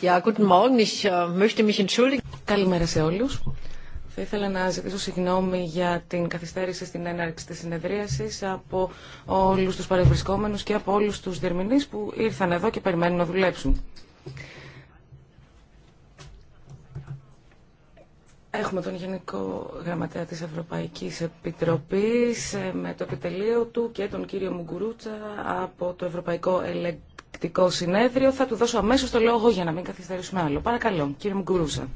Äh, Καλημέρα σε όλους. Θα ήθελα να ζητήσω συγγνώμη για την καθυστέρηση στην έναρξη της συνεδρίασης από όλους τους παρευρισκόμενους και από όλους τους διερμηνείς που ήρθαν εδώ και περιμένουν να δουλέψουν. Έχουμε τον Γενικό Γραμματέα της Ευρωπαϊκής Επιτροπής ε, με το επιτελείο του και τον κύριο Μουγκουρούτσα από το Ευρωπαϊκό Ελεγκτήριο συνέδριο. Θα του δώσω αμέσως το λόγο για να μην καθυστερήσουμε άλλο. Παρακαλώ, κύριε Μουγκουρούζα.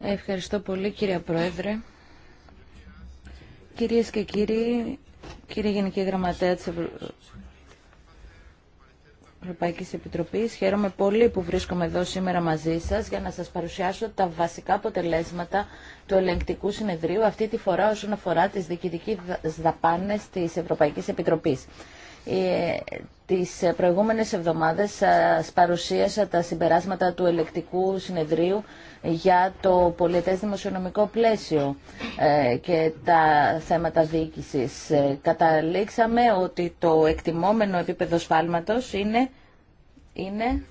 Ευχαριστώ πολύ κύριε Πρόεδρε. Κυρίες και κύριοι, κύριε Γενική Γραμματέα της Ευρω... Ευρωπαϊκής Επιτροπής. Χαίρομαι πολύ που βρίσκομαι εδώ σήμερα μαζί σας για να σας παρουσιάσω τα βασικά αποτελέσματα του ελεγκτικού συνεδρίου, αυτή τη φορά όσον αφορά τις διοικητικές δαπάνες της Ευρωπαϊκής Επιτροπής. Ε, τις προηγούμενες εβδομάδες σας παρουσίασα τα συμπεράσματα του ελεκτικού συνεδρίου για το πολιτές δημοσιονομικό πλαίσιο ε, και τα θέματα διοίκησης. Ε, καταλήξαμε ότι το εκτιμόμενο επίπεδο σφάλματος είναι, είναι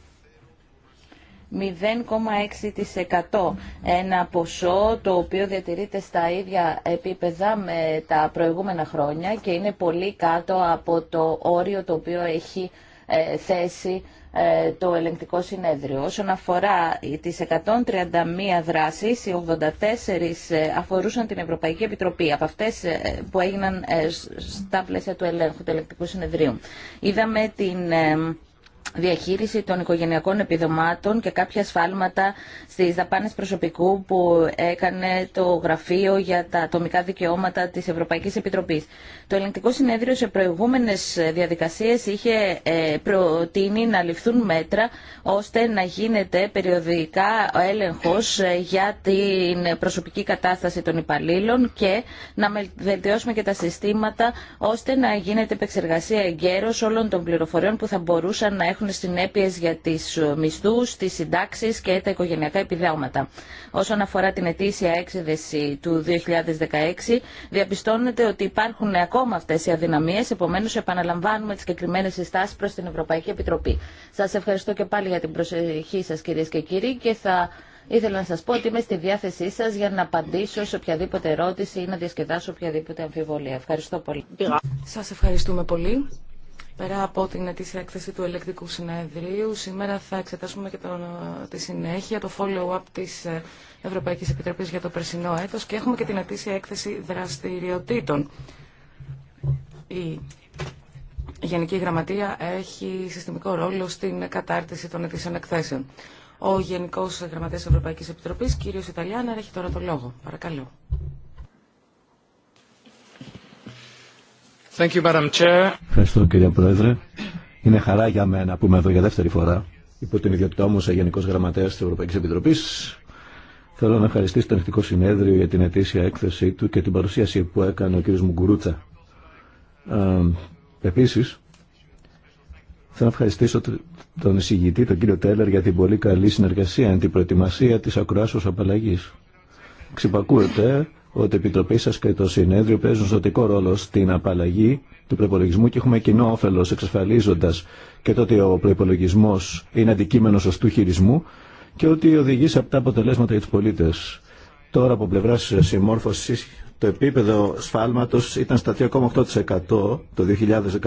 0,6%. Ένα ποσό το οποίο διατηρείται στα ίδια επίπεδα με τα προηγούμενα χρόνια και είναι πολύ κάτω από το όριο το οποίο έχει ε, θέσει ε, το ελεγκτικό συνέδριο. Όσον αφορά τις 131 δράσεις, οι 84 ε, αφορούσαν την Ευρωπαϊκή Επιτροπή, από αυτές που έγιναν στα πλαίσια του ελέγχου του ελεγκτικού συνεδρίου. Είδαμε την διαχείριση των οικογενειακών επιδομάτων και κάποια σφάλματα στι δαπάνε προσωπικού που έκανε το Γραφείο για τα Ατομικά Δικαιώματα τη Ευρωπαϊκή Επιτροπή. Το Ελληνικό Συνέδριο σε προηγούμενε διαδικασίε είχε ε, προτείνει να ληφθούν μέτρα ώστε να γίνεται περιοδικά ο έλεγχος ε, για την προσωπική κατάσταση των υπαλλήλων και να βελτιώσουμε και τα συστήματα ώστε να γίνεται επεξεργασία εγκαίρω όλων των πληροφοριών που θα μπορούσαν να έχουν υπάρχουν συνέπειε για τις ε, μισθού, τι συντάξει και τα οικογενειακά επιδόματα. Όσον αφορά την ετήσια έξεδεση του 2016, διαπιστώνεται ότι υπάρχουν ακόμα αυτέ οι αδυναμίες, επομένω επαναλαμβάνουμε τι συγκεκριμένε συστάσει προ την Ευρωπαϊκή Επιτροπή. Σα ευχαριστώ και πάλι για την προσοχή σα, κυρίε και κύριοι και θα... Ήθελα να σα πω ότι είμαι στη διάθεσή σα για να απαντήσω σε οποιαδήποτε ερώτηση ή να διασκεδάσω οποιαδήποτε αμφιβολία. Ευχαριστώ πολύ. Σα ευχαριστούμε πολύ. Πέρα από την ετήσια έκθεση του ελεκτικού συνεδρίου, σήμερα θα εξετάσουμε και ε, τη συνέχεια, το follow-up της ε, Ευρωπαϊκής Επιτροπής για το περσινό έτος και έχουμε και την ετήσια έκθεση δραστηριοτήτων. Η Γενική Γραμματεία έχει συστημικό ρόλο στην κατάρτιση των ετήσιων εκθέσεων. Ο Γενικός Γραμματέας Ευρωπαϊκής Επιτροπής, κύριος Ιταλιάνα, έχει τώρα το λόγο. Παρακαλώ. Thank you, Madam Chair. Ευχαριστώ κύριε Πρόεδρε. Είναι χαρά για μένα που είμαι εδώ για δεύτερη φορά υπό την ιδιότητά μου σαν Γενικό Γραμματέα τη Ευρωπαϊκή Επιτροπή. Θέλω να ευχαριστήσω το Ελεκτικό Συνέδριο για την ετήσια έκθεσή του και την παρουσίαση που έκανε ο κ. Μουγκουρούτσα. Επίση, θέλω να ευχαριστήσω τον εισηγητή, τον κύριο Τέλερ, για την πολύ καλή συνεργασία, την προετοιμασία τη ακροάσεω απαλλαγή. Ξυπακούεται ότι η Επιτροπή σα και το Συνέδριο παίζουν σωτικό ρόλο στην απαλλαγή του προπολογισμού και έχουμε κοινό όφελο εξασφαλίζοντα και το ότι ο προπολογισμό είναι αντικείμενο σωστού χειρισμού και ότι οδηγεί σε αυτά αποτελέσματα για του πολίτε. Τώρα από πλευρά συμμόρφωση το επίπεδο σφάλματο ήταν στα 3,8% το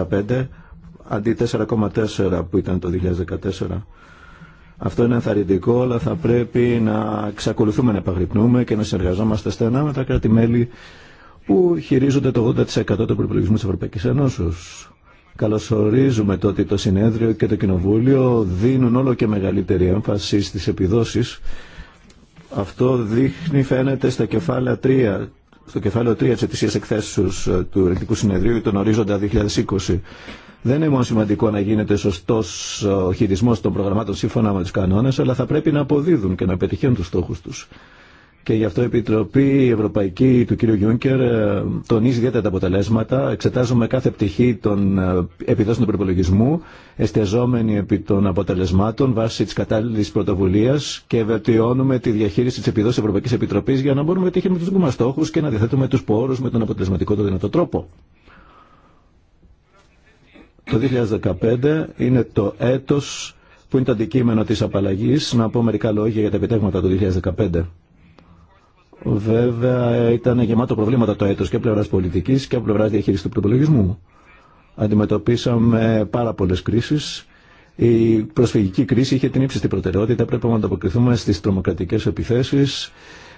2015 αντί 4,4% που ήταν το 2014. Αυτό είναι ενθαρρυντικό, αλλά θα πρέπει να ξεκολουθούμε να επαγρυπνούμε και να συνεργαζόμαστε στενά με τα κράτη-μέλη που χειρίζονται το 80% του προπολογισμού τη Ευρωπαϊκή Ένωσης. Καλωσορίζουμε το ότι το Συνέδριο και το Κοινοβούλιο δίνουν όλο και μεγαλύτερη έμφαση στι επιδόσεις. Αυτό δείχνει, φαίνεται, στα κεφάλαια 3 στο κεφάλαιο 3 της ετησία εκθέσεως του Ελληνικού Συνεδρίου τον ορίζοντα 2020 δεν είναι μόνο σημαντικό να γίνεται σωστό ο χειρισμό των προγραμμάτων σύμφωνα με του κανόνε, αλλά θα πρέπει να αποδίδουν και να πετυχαίνουν του στόχου του. Και γι' αυτό η Επιτροπή Ευρωπαϊκή του κ. Γιούνκερ ε, τονίζει ιδιαίτερα τα αποτελέσματα. Εξετάζουμε κάθε πτυχή των ε, επιδόσεων του προπολογισμού, εστιαζόμενοι επί των αποτελεσμάτων βάσει τη κατάλληλη πρωτοβουλία και βελτιώνουμε τη διαχείριση τη επιδόση Ευρωπαϊκή Επιτροπή για να μπορούμε να πετύχουμε του δικού στόχου και να διαθέτουμε του πόρου με τον αποτελεσματικό το δυνατό τρόπο. Το 2015 είναι το έτος που είναι το αντικείμενο της απαλλαγής. Να πω μερικά λόγια για τα επιτεύγματα του 2015. Βέβαια ήταν γεμάτο προβλήματα το έτος και πλευράς πολιτικής και πλευράς διαχείρισης του προπολογισμού. Αντιμετωπίσαμε πάρα πολλές κρίσεις. Η προσφυγική κρίση είχε την ύψιστη προτεραιότητα. Πρέπει να ανταποκριθούμε στις τρομοκρατικές επιθέσεις,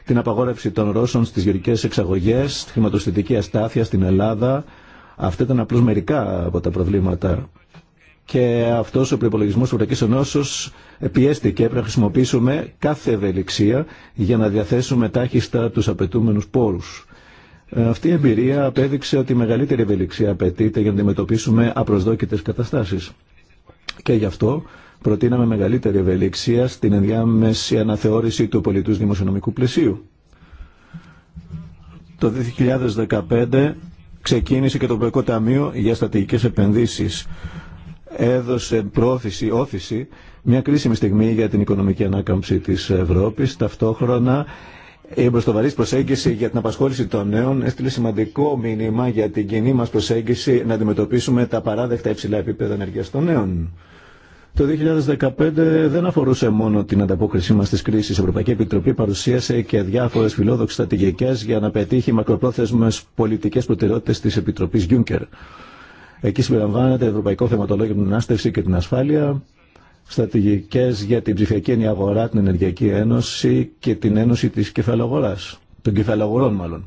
την απαγόρευση των Ρώσων στις γεωρικές εξαγωγές, τη χρηματοστητική αστάθεια στην Ελλάδα, Αυτά ήταν απλώ μερικά από τα προβλήματα και αυτό ο προπολογισμό του Ευρωπαϊκή Ενώσεω πιέστηκε. πρέπει να χρησιμοποιήσουμε κάθε ευελιξία για να διαθέσουμε τάχιστα του απαιτούμενου πόρου. Αυτή η εμπειρία απέδειξε ότι η μεγαλύτερη ευελιξία απαιτείται για να αντιμετωπίσουμε απροσδόκητε καταστάσει. Και γι' αυτό προτείναμε μεγαλύτερη ευελιξία στην ενδιάμεση αναθεώρηση του πολιτού δημοσιονομικού πλαισίου. Το 2015 ξεκίνησε και το Ευρωπαϊκό Ταμείο για Στατικές Επενδύσεις. Έδωσε πρόθεση, όθηση, μια κρίσιμη στιγμή για την οικονομική ανάκαμψη της Ευρώπης. Ταυτόχρονα η εμπροστοβαρής προσέγγιση για την απασχόληση των νέων έστειλε σημαντικό μήνυμα για την κοινή μας προσέγγιση να αντιμετωπίσουμε τα παράδεκτα υψηλά επίπεδα ενεργείας των νέων. Το 2015 δεν αφορούσε μόνο την ανταπόκρισή μα στι κρίσει. Η Ευρωπαϊκή Επιτροπή παρουσίασε και διάφορε φιλόδοξε στρατηγικέ για να πετύχει μακροπρόθεσμε πολιτικέ προτεραιότητε τη Επιτροπή Γιούνκερ. Εκεί συμπεριλαμβάνεται Ευρωπαϊκό Θεματολόγιο για την Ανάστευση και την Ασφάλεια, στρατηγικέ για την ψηφιακή ενιαγορά, την Ενεργειακή Ένωση και την Ένωση τη Κεφαλαγορά, των Κεφαλαγορών μάλλον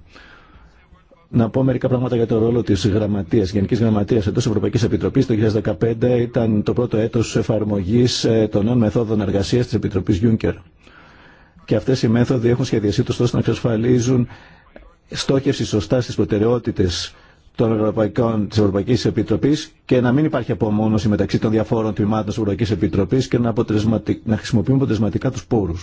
να πω μερικά πράγματα για το ρόλο τη γραμματεία, Γενική Γραμματεία εντό Ευρωπαϊκή Επιτροπή. Το 2015 ήταν το πρώτο έτο εφαρμογή ε, των νέων μεθόδων εργασία τη Επιτροπή Juncker. Και αυτέ οι μέθοδοι έχουν σχεδιαστεί τόσο να εξασφαλίζουν στόχευση σωστά στι προτεραιότητε των Ευρωπαϊκών τη Ευρωπαϊκή Επιτροπή και να μην υπάρχει απομόνωση μεταξύ των διαφόρων τμήματων τη Ευρωπαϊκή Επιτροπή και να, να αποτελεσματικά του πόρου.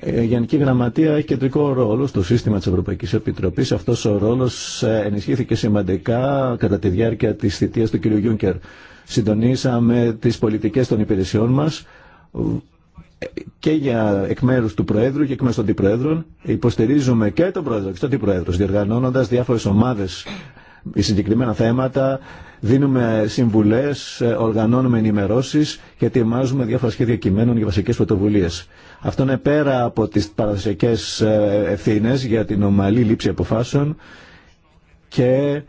Ε, η Γενική Γραμματεία έχει κεντρικό ρόλο στο σύστημα της Ευρωπαϊκής Επιτροπής. Αυτός ο ρόλος ε, ενισχύθηκε σημαντικά κατά τη διάρκεια της θητείας του κ. Γιούνκερ. Συντονίσαμε τις πολιτικές των υπηρεσιών μας ε, και για εκ μέρου του Προέδρου και εκ μέρου των Αντιπροέδρων. Υποστηρίζουμε και τον Πρόεδρο και τον Αντιπρόεδρο, διοργανώνοντα διάφορε ομάδε συγκεκριμένα θέματα, δίνουμε συμβουλές, ε, οργανώνουμε ενημερώσεις και ετοιμάζουμε διάφορα σχέδια κειμένων για βασικές πρωτοβουλίες. Αυτό είναι πέρα από τις παραδοσιακές ε, ευθύνε για την ομαλή λήψη αποφάσεων και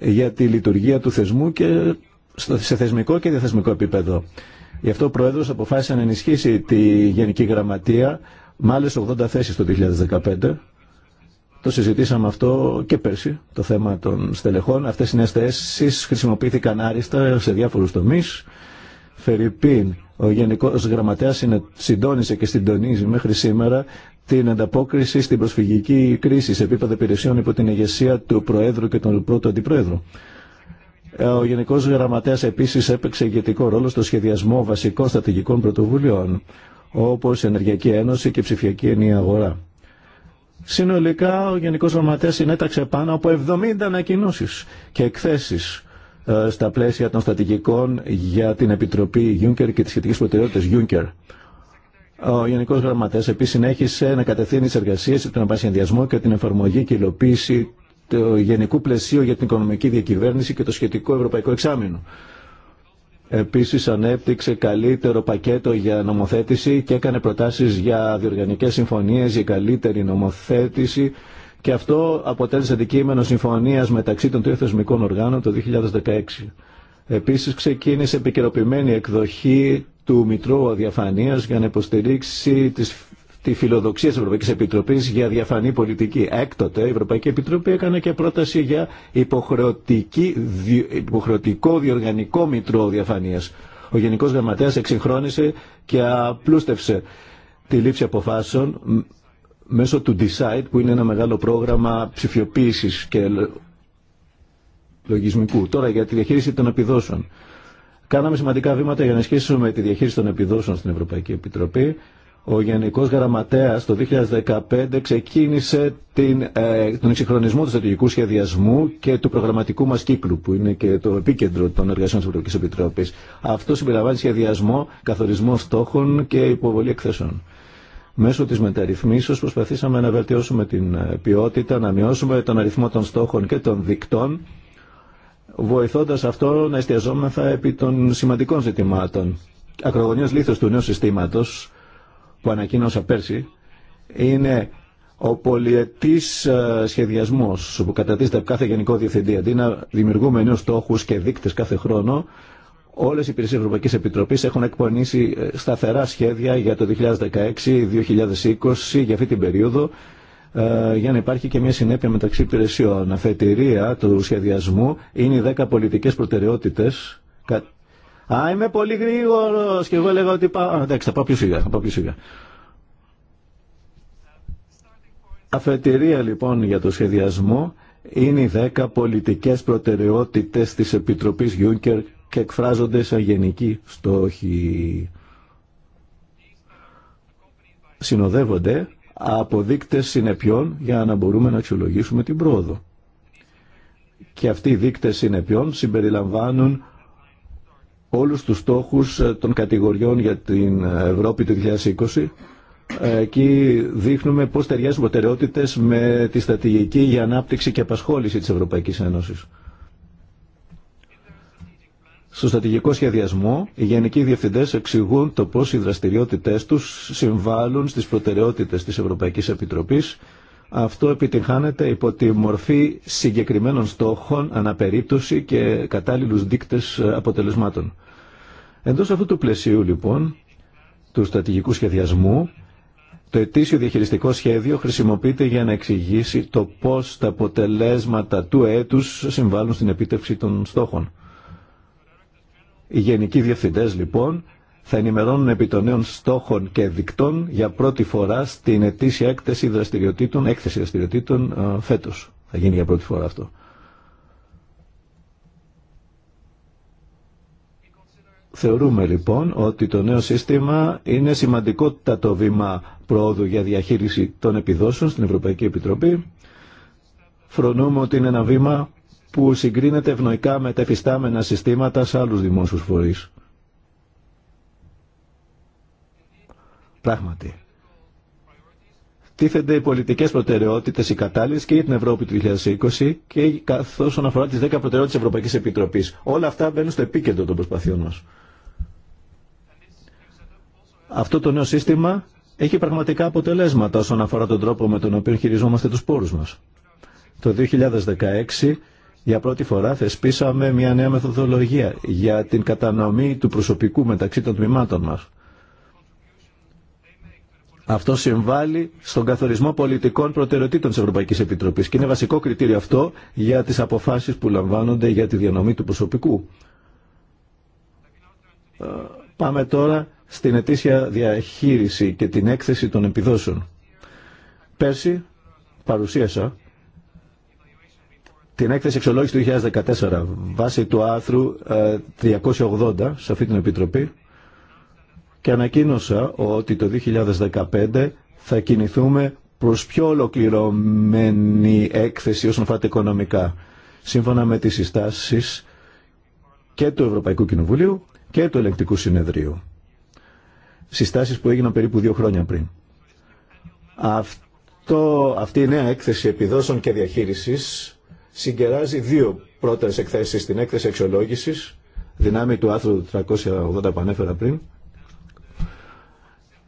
για τη λειτουργία του θεσμού και σε θεσμικό και διαθεσμικό επίπεδο. Γι' αυτό ο Πρόεδρος αποφάσισε να ενισχύσει τη Γενική Γραμματεία με 80 θέσεις το 2015 το συζητήσαμε αυτό και πέρσι, το θέμα των στελεχών. Αυτές οι νέες θέσεις χρησιμοποιήθηκαν άριστα σε διάφορους τομείς. Φερρυπίν, ο Γενικός Γραμματέας συντόνισε και συντονίζει μέχρι σήμερα την ανταπόκριση στην προσφυγική κρίση σε επίπεδο υπηρεσιών υπό την ηγεσία του Προέδρου και του πρώτου Αντιπρόεδρου. Ε, ο Γενικό Γραμματέα επίση έπαιξε ηγετικό ρόλο στο σχεδιασμό βασικών στρατηγικών πρωτοβουλειών, όπω Ενεργειακή Ένωση και Ψηφιακή Ενία Αγορά. Συνολικά ο Γενικό Γραμματέα συνέταξε πάνω από 70 ανακοινώσει και εκθέσεις ε, στα πλαίσια των στρατηγικών για την Επιτροπή Juncker και τι σχετικέ προτεραιότητε Juncker. Ο Γενικό Γραμματέα επίση συνέχισε να κατευθύνει τι εργασίε για τον απασχεδιασμό και την εφαρμογή και υλοποίηση του γενικού πλαισίου για την οικονομική διακυβέρνηση και το σχετικό ευρωπαϊκό εξάμεινο. Επίσης ανέπτυξε καλύτερο πακέτο για νομοθέτηση και έκανε προτάσεις για διοργανικές συμφωνίες, για καλύτερη νομοθέτηση και αυτό αποτέλεσε αντικείμενο συμφωνίας μεταξύ των τριών θεσμικών οργάνων το 2016. Επίσης ξεκίνησε επικαιροποιημένη εκδοχή του Μητρώου Αδιαφανίας για να υποστηρίξει τις τη φιλοδοξία της Ευρωπαϊκής Επιτροπής για διαφανή πολιτική. Έκτοτε η Ευρωπαϊκή Επιτροπή έκανε και πρόταση για υποχρεωτικό διοργανικό μητρό διαφανείας. Ο Γενικό Γραμματέας εξυγχρόνησε και απλούστευσε τη λήψη αποφάσεων μέσω του Decide που είναι ένα μεγάλο πρόγραμμα ψηφιοποίηση και λογισμικού. Τώρα για τη διαχείριση των επιδόσεων. Κάναμε σημαντικά βήματα για να σχέσουμε τη διαχείριση των επιδόσεων στην Ευρωπαϊκή Επιτροπή. Ο Γενικός Γραμματέας το 2015 ξεκίνησε την, ε, τον εξυγχρονισμό του στρατηγικού σχεδιασμού και του προγραμματικού μας κύκλου, που είναι και το επίκεντρο των εργασιών της Ευρωπαϊκής Επιτροπής. Αυτό συμπεριλαμβάνει σχεδιασμό, καθορισμό στόχων και υποβολή εκθέσεων. Μέσω της μεταρρυθμίσεως προσπαθήσαμε να βελτιώσουμε την ε, ποιότητα, να μειώσουμε τον αριθμό των στόχων και των δικτών, βοηθώντας αυτό να εστιαζόμεθα επί των σημαντικών ζητημάτων. Ακρογωνιός λήθο του νέου συστήματος που ανακοίνωσα πέρσι είναι ο πολιετής ε, σχεδιασμός που κατατίθεται από κάθε γενικό διευθυντή. Αντί να δημιουργούμε νέους στόχους και δείκτες κάθε χρόνο, όλες οι υπηρεσίες Ευρωπαϊκής Επιτροπής έχουν εκπονήσει ε, σταθερά σχέδια για το 2016-2020 για αυτή την περίοδο ε, για να υπάρχει και μια συνέπεια μεταξύ υπηρεσιών. Αφετηρία του σχεδιασμού είναι οι 10 πολιτικές προτεραιότητες Α, είμαι πολύ γρήγορο. Και εγώ έλεγα ότι πάω. εντάξει, θα πάω πιο σιγά. πάω Αφετηρία λοιπόν για το σχεδιασμό είναι οι 10 πολιτικές προτεραιότητες της Επιτροπής Γιούνκερ και εκφράζονται σαν γενικοί στόχοι. Συνοδεύονται από δείκτες συνεπιών για να μπορούμε να αξιολογήσουμε την πρόοδο. Και αυτοί οι δείκτες συνεπιών συμπεριλαμβάνουν όλους τους στόχους ε, των κατηγοριών για την ε, Ευρώπη του 2020. Ε, εκεί δείχνουμε πώς ταιριάζουν προτεραιότητες με τη στρατηγική για ανάπτυξη και απασχόληση της Ευρωπαϊκής Ένωσης. Στο στρατηγικό σχεδιασμό, οι γενικοί διευθυντές εξηγούν το πώς οι δραστηριότητέ του συμβάλλουν στις προτεραιότητες της Ευρωπαϊκής Επιτροπή αυτό επιτυγχάνεται υπό τη μορφή συγκεκριμένων στόχων, αναπερίπτωση και κατάλληλους δείκτες αποτελεσμάτων. Εντός αυτού του πλαισίου λοιπόν, του στρατηγικού σχεδιασμού, το ετήσιο διαχειριστικό σχέδιο χρησιμοποιείται για να εξηγήσει το πώς τα αποτελέσματα του έτους συμβάλλουν στην επίτευξη των στόχων. Οι γενικοί διευθυντές λοιπόν θα ενημερώνουν επί των νέων στόχων και δικτών για πρώτη φορά στην ετήσια έκθεση δραστηριοτήτων, έκθεση δραστηριοτήτων ε, φέτος. Θα γίνει για πρώτη φορά αυτό. Θεωρούμε λοιπόν ότι το νέο σύστημα είναι σημαντικότατο βήμα πρόοδου για διαχείριση των επιδόσεων στην Ευρωπαϊκή Επιτροπή. Φρονούμε ότι είναι ένα βήμα που συγκρίνεται ευνοϊκά με τα εφιστάμενα συστήματα σε άλλους δημόσιους φορείς. Πράγματι. Τίθενται οι πολιτικέ προτεραιότητε, οι κατάλληλε και για την Ευρώπη του 2020 και καθώς αφορά τις 10 τη Ευρωπαϊκή Επιτροπής. Όλα αυτά μπαίνουν στο επίκεντρο των προσπαθειών μα. Αυτό το νέο σύστημα έχει πραγματικά αποτελέσματα όσον αφορά τον τρόπο με τον οποίο χειριζόμαστε του πόρου μα. Το 2016 για πρώτη φορά θεσπίσαμε μια νέα μεθοδολογία για την κατανομή του προσωπικού μεταξύ των τμήματων μας. Αυτό συμβάλλει στον καθορισμό πολιτικών προτεραιοτήτων τη Ευρωπαϊκή Επιτροπή. και είναι βασικό κριτήριο αυτό για τις αποφάσεις που λαμβάνονται για τη διανομή του προσωπικού. Ε, πάμε τώρα στην ετήσια διαχείριση και την έκθεση των επιδόσεων. Πέρσι παρουσίασα την έκθεση εξολόγηση του 2014 βάσει του άρθρου 380 ε, σε αυτή την Επιτροπή και ανακοίνωσα ότι το 2015 θα κινηθούμε προς πιο ολοκληρωμένη έκθεση όσον αφορά οικονομικά. Σύμφωνα με τις συστάσεις και του Ευρωπαϊκού Κοινοβουλίου και του Ελεκτικού Συνεδρίου. Συστάσεις που έγιναν περίπου δύο χρόνια πριν. Αυτό, αυτή η νέα έκθεση επιδόσεων και διαχείρισης συγκεράζει δύο πρώτες εκθέσεις. Την έκθεση αξιολόγησης, δυνάμει του άρθρου 380 που ανέφερα πριν,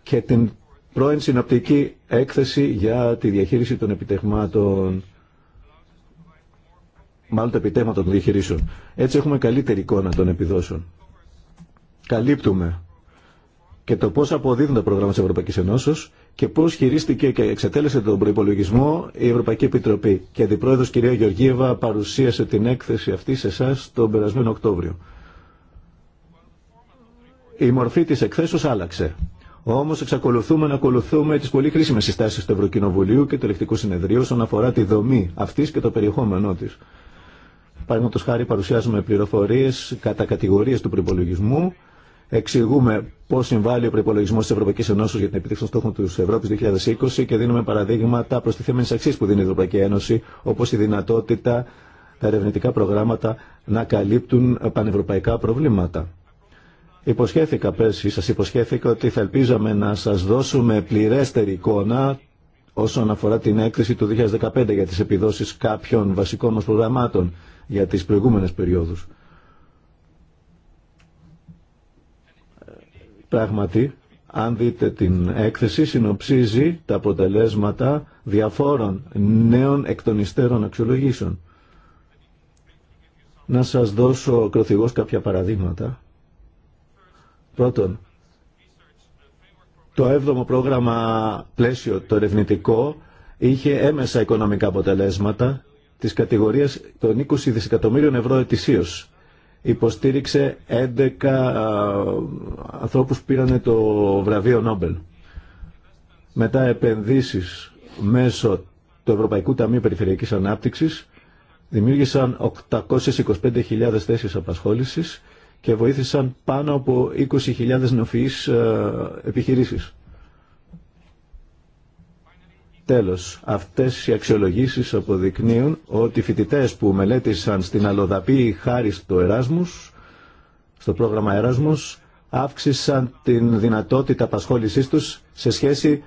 και την πρώην συναπτική έκθεση για τη διαχείριση των επιτεγμάτων μάλλον τα επιτέματα των διαχειρήσεων. Έτσι έχουμε καλύτερη εικόνα των επιδόσεων. Καλύπτουμε και το πώς αποδίδουν τα προγράμματα της Ευρωπαϊκής Ενώσεως και πώς χειρίστηκε και εξετέλεσε τον προϋπολογισμό η Ευρωπαϊκή Επιτροπή. Και αντιπρόεδρος κυρία Γεωργίευα παρουσίασε την έκθεση αυτή σε εσά τον περασμένο Οκτώβριο. Η μορφή της εκθέσεως άλλαξε. Όμω εξακολουθούμε να ακολουθούμε τι πολύ χρήσιμε συστάσει του Ευρωκοινοβουλίου και του Ελεκτικού Συνεδρίου όσον αφορά τη δομή αυτή και το περιεχόμενό τη. Παραδείγματο χάρη, παρουσιάζουμε πληροφορίε κατά κατηγορίε του προπολογισμού, εξηγούμε πώ συμβάλλει ο προπολογισμό τη Ευρωπαϊκή Ενώσεω για την επιτύχηση των στόχων τη Ευρώπη 2020 και δίνουμε παραδείγματα τη τη αξία που δίνει η Ευρωπαϊκή Ένωση, όπω η δυνατότητα τα ερευνητικά προγράμματα να καλύπτουν πανευρωπαϊκά προβλήματα. Υποσχέθηκα πέρσι, σας υποσχέθηκα ότι θα ελπίζαμε να σας δώσουμε πληρέστερη εικόνα όσον αφορά την έκθεση του 2015 για τις επιδόσεις κάποιων βασικών μας προγραμμάτων για τις προηγούμενες περιόδους. Πράγματι, αν δείτε την έκθεση, συνοψίζει τα αποτελέσματα διαφόρων νέων εκτονιστέρων αξιολογήσεων. Να σας δώσω ακροθυγώς κάποια παραδείγματα. Πρώτον, το 7ο πρόγραμμα πλαίσιο, το ερευνητικό, είχε έμεσα οικονομικά αποτελέσματα της κατηγορίας των 20 δισεκατομμύριων ευρώ ετησίως. Υποστήριξε 11 ανθρώπους που πήραν το βραβείο Νόμπελ. Μετά επενδύσεις μέσω του Ευρωπαϊκού Ταμείου Περιφερειακής Ανάπτυξης δημιούργησαν 825.000 θέσεις απασχόλησης και βοήθησαν πάνω από 20.000 ε, επιχειρήσεις. Τέλος, αυτές οι αξιολογήσεις αποδεικνύουν ότι οι φοιτητές που μελέτησαν στην Αλοδαπή χάρη στο Εράσμους, στο πρόγραμμα Εράσμους, αύξησαν την δυνατότητα απασχόλησής τους σε σχέση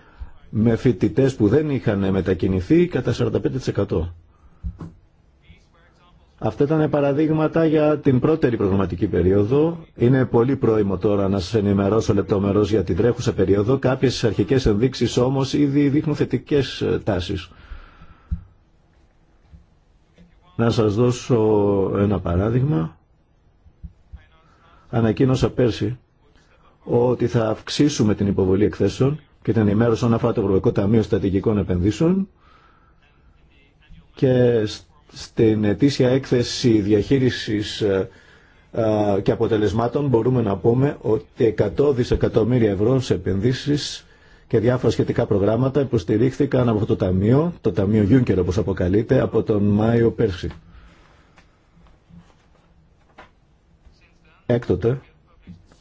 με φοιτητές που δεν είχαν μετακινηθεί κατά 45%. Αυτά ήταν παραδείγματα για την πρώτερη προγραμματική περίοδο. Είναι πολύ πρόημο τώρα να σα ενημερώσω λεπτομερώ για την τρέχουσα περίοδο. Κάποιε αρχικέ ενδείξει όμω ήδη δείχνουν θετικέ ε, τάσει. Να σας δώσω ένα παράδειγμα. Ανακοίνωσα πέρσι ότι θα αυξήσουμε την υποβολή εκθέσεων και την ενημέρωση όσον αφορά το Ευρωπαϊκό Ταμείο Στατηγικών Επενδύσεων και στην ετήσια έκθεση διαχείρισης ε, ε, και αποτελεσμάτων μπορούμε να πούμε ότι 100 δισεκατομμύρια ευρώ σε επενδύσεις και διάφορα σχετικά προγράμματα υποστηρίχθηκαν από αυτό το ταμείο, το ταμείο Γιούνκερ όπως αποκαλείται, από τον Μάιο πέρσι. Έκτοτε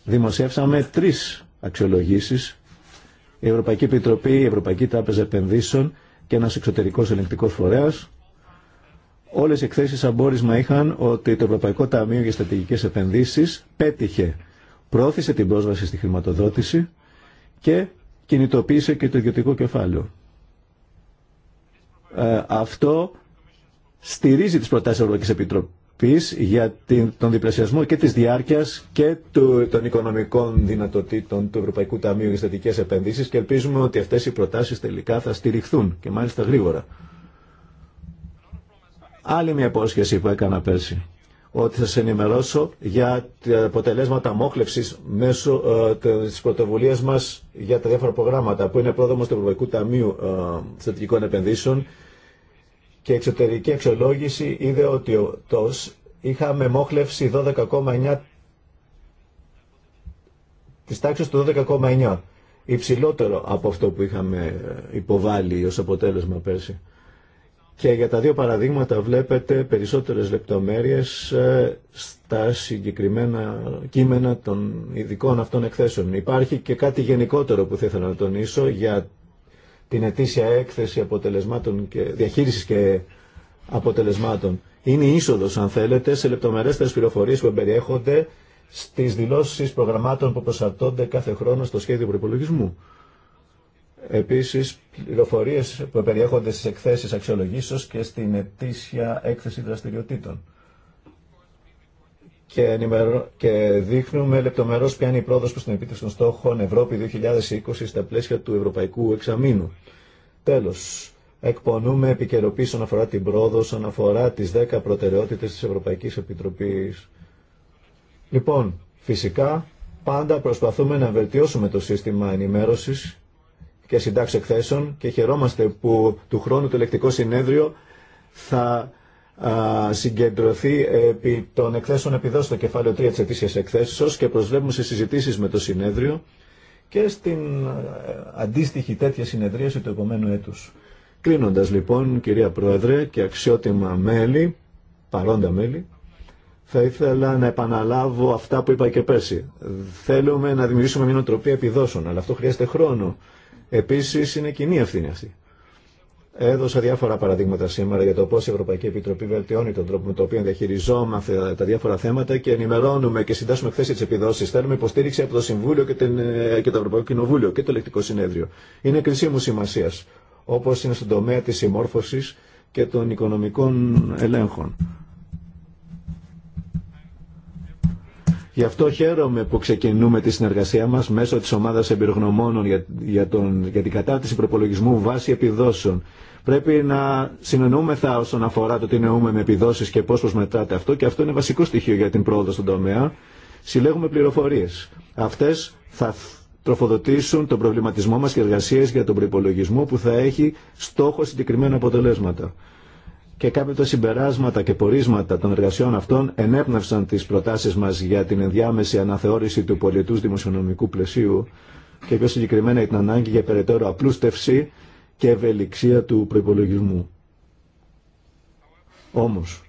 δημοσιεύσαμε τρεις αξιολογήσεις, η Ευρωπαϊκή Επιτροπή, η Ευρωπαϊκή Τράπεζα Επενδύσεων και ένας εξωτερικός ελεγκτικός φορέας Όλες οι εκθέσεις αμπόρισμα είχαν ότι το Ευρωπαϊκό Ταμείο για Στατηγικές Επενδύσεις πέτυχε, πρόθεσε την πρόσβαση στη χρηματοδότηση και κινητοποίησε και το ιδιωτικό κεφάλαιο. Ε, αυτό στηρίζει τις προτάσεις της Ευρωπαϊκής Επιτροπής για την, τον διπλασιασμό και της διάρκειας και του, των οικονομικών δυνατοτήτων του Ευρωπαϊκού Ταμείου για Στατικές Επενδύσεις και ελπίζουμε ότι αυτές οι προτάσεις τελικά θα στηριχθούν και μάλιστα γρήγορα. Άλλη μια υπόσχεση που έκανα πέρσι ότι θα σε ενημερώσω για τα αποτελέσματα μόχλευσης μέσω ε, της πρωτοβουλίας μας για τα διάφορα προγράμματα που είναι πρόδομος του Ευρωπαϊκού Ταμείου ε, Στρατηγικών Επενδύσεων και εξωτερική αξιολόγηση είδε ότι το, είχαμε μόχλευση 12,9 της τάξης του 12,9 υψηλότερο από αυτό που είχαμε ε, υποβάλει ως αποτέλεσμα πέρσι. Και για τα δύο παραδείγματα βλέπετε περισσότερες λεπτομέρειες ε, στα συγκεκριμένα κείμενα των ειδικών αυτών εκθέσεων. Υπάρχει και κάτι γενικότερο που θα ήθελα να τονίσω για την ετήσια έκθεση αποτελεσμάτων και διαχείρισης και αποτελεσμάτων. Είναι είσοδος, αν θέλετε, σε λεπτομερέστερες πληροφορίες που εμπεριέχονται στις δηλώσεις προγραμμάτων που προσαρτώνται κάθε χρόνο στο σχέδιο προπολογισμού. Επίση, πληροφορίε που περιέχονται στι εκθέσει αξιολογήσεως και στην ετήσια έκθεση δραστηριοτήτων. Και, ενημερω... και δείχνουμε λεπτομέρω ποια είναι η πρόοδο προς την επίτευξη των στόχων Ευρώπη 2020 στα πλαίσια του Ευρωπαϊκού Εξαμήνου. Τέλο, εκπονούμε επικαιροποίηση όσον αφορά την πρόοδο, όσον αφορά τι 10 προτεραιότητε τη Ευρωπαϊκή Επιτροπή. Λοιπόν, φυσικά, πάντα προσπαθούμε να βελτιώσουμε το σύστημα ενημέρωσης και συντάξει εκθέσεων και χαιρόμαστε που του χρόνου το ελεκτικό συνέδριο θα συγκεντρωθεί επί των εκθέσεων επιδόσεων στο κεφάλαιο 3 της ετήσιας εκθέσεως και προσβλέπουμε σε συζητήσεις με το συνέδριο και στην ε, αντίστοιχη τέτοια συνεδρίαση του επόμενου έτους. Κλείνοντας λοιπόν, κυρία Πρόεδρε και αξιότιμα μέλη, παρόντα μέλη, θα ήθελα να επαναλάβω αυτά που είπα και πέρσι. Θέλουμε να δημιουργήσουμε μια νοοτροπία επιδόσεων, αλλά αυτό χρειάζεται χρόνο. Επίση, είναι κοινή ευθύνη αυτή. Έδωσα διάφορα παραδείγματα σήμερα για το πώ η Ευρωπαϊκή Επιτροπή βελτιώνει τον τρόπο με τον οποίο διαχειριζόμαστε τα διάφορα θέματα και ενημερώνουμε και συντάσσουμε χθε τι επιδόσει. Θέλουμε υποστήριξη από το Συμβούλιο και, την, και το Ευρωπαϊκό Κοινοβούλιο και το Ελεκτικό Συνέδριο. Είναι κρισίμου σημασία, όπω είναι στον τομέα τη συμμόρφωση και των οικονομικών ελέγχων. Γι' αυτό χαίρομαι που ξεκινούμε τη συνεργασία μα μέσω τη ομάδα εμπειρογνωμόνων για, τον, για την κατάρτιση προπολογισμού βάση επιδόσεων. Πρέπει να συνεννοούμεθα όσον αφορά το τι νοούμε με επιδόσει και πώ προσμετράτε αυτό και αυτό είναι βασικό στοιχείο για την πρόοδο στον τομέα. Συλλέγουμε πληροφορίε. Αυτέ θα τροφοδοτήσουν τον προβληματισμό μα και εργασίε για τον προπολογισμό που θα έχει στόχο συγκεκριμένα αποτελέσματα και κάποια τα συμπεράσματα και πορίσματα των εργασιών αυτών ενέπνευσαν τις προτάσεις μας για την ενδιάμεση αναθεώρηση του πολιτούς δημοσιονομικού πλαισίου και πιο συγκεκριμένα την ανάγκη για περαιτέρω απλούστευση και ευελιξία του προϋπολογισμού. Όμως,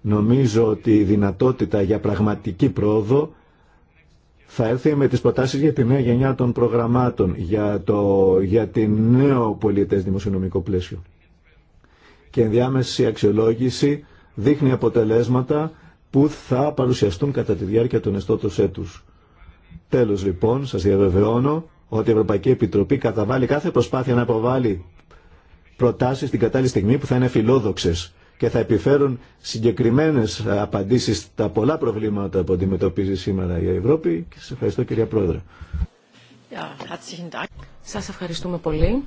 νομίζω ότι η δυνατότητα για πραγματική πρόοδο θα έρθει με τις προτάσεις για τη νέα γενιά των προγραμμάτων, για, το, για τη νέο πολίτες δημοσιονομικό πλαίσιο και ενδιάμεση αξιολόγηση δείχνει αποτελέσματα που θα παρουσιαστούν κατά τη διάρκεια των εστώτος έτους. Τέλος λοιπόν, σας διαβεβαιώνω ότι η Ευρωπαϊκή Επιτροπή καταβάλει κάθε προσπάθεια να αποβάλει προτάσεις την κατάλληλη στιγμή που θα είναι φιλόδοξες και θα επιφέρουν συγκεκριμένες απαντήσεις στα πολλά προβλήματα που αντιμετωπίζει σήμερα η Ευρώπη. Και σας ευχαριστώ κυρία Πρόεδρε. Σας ευχαριστούμε πολύ.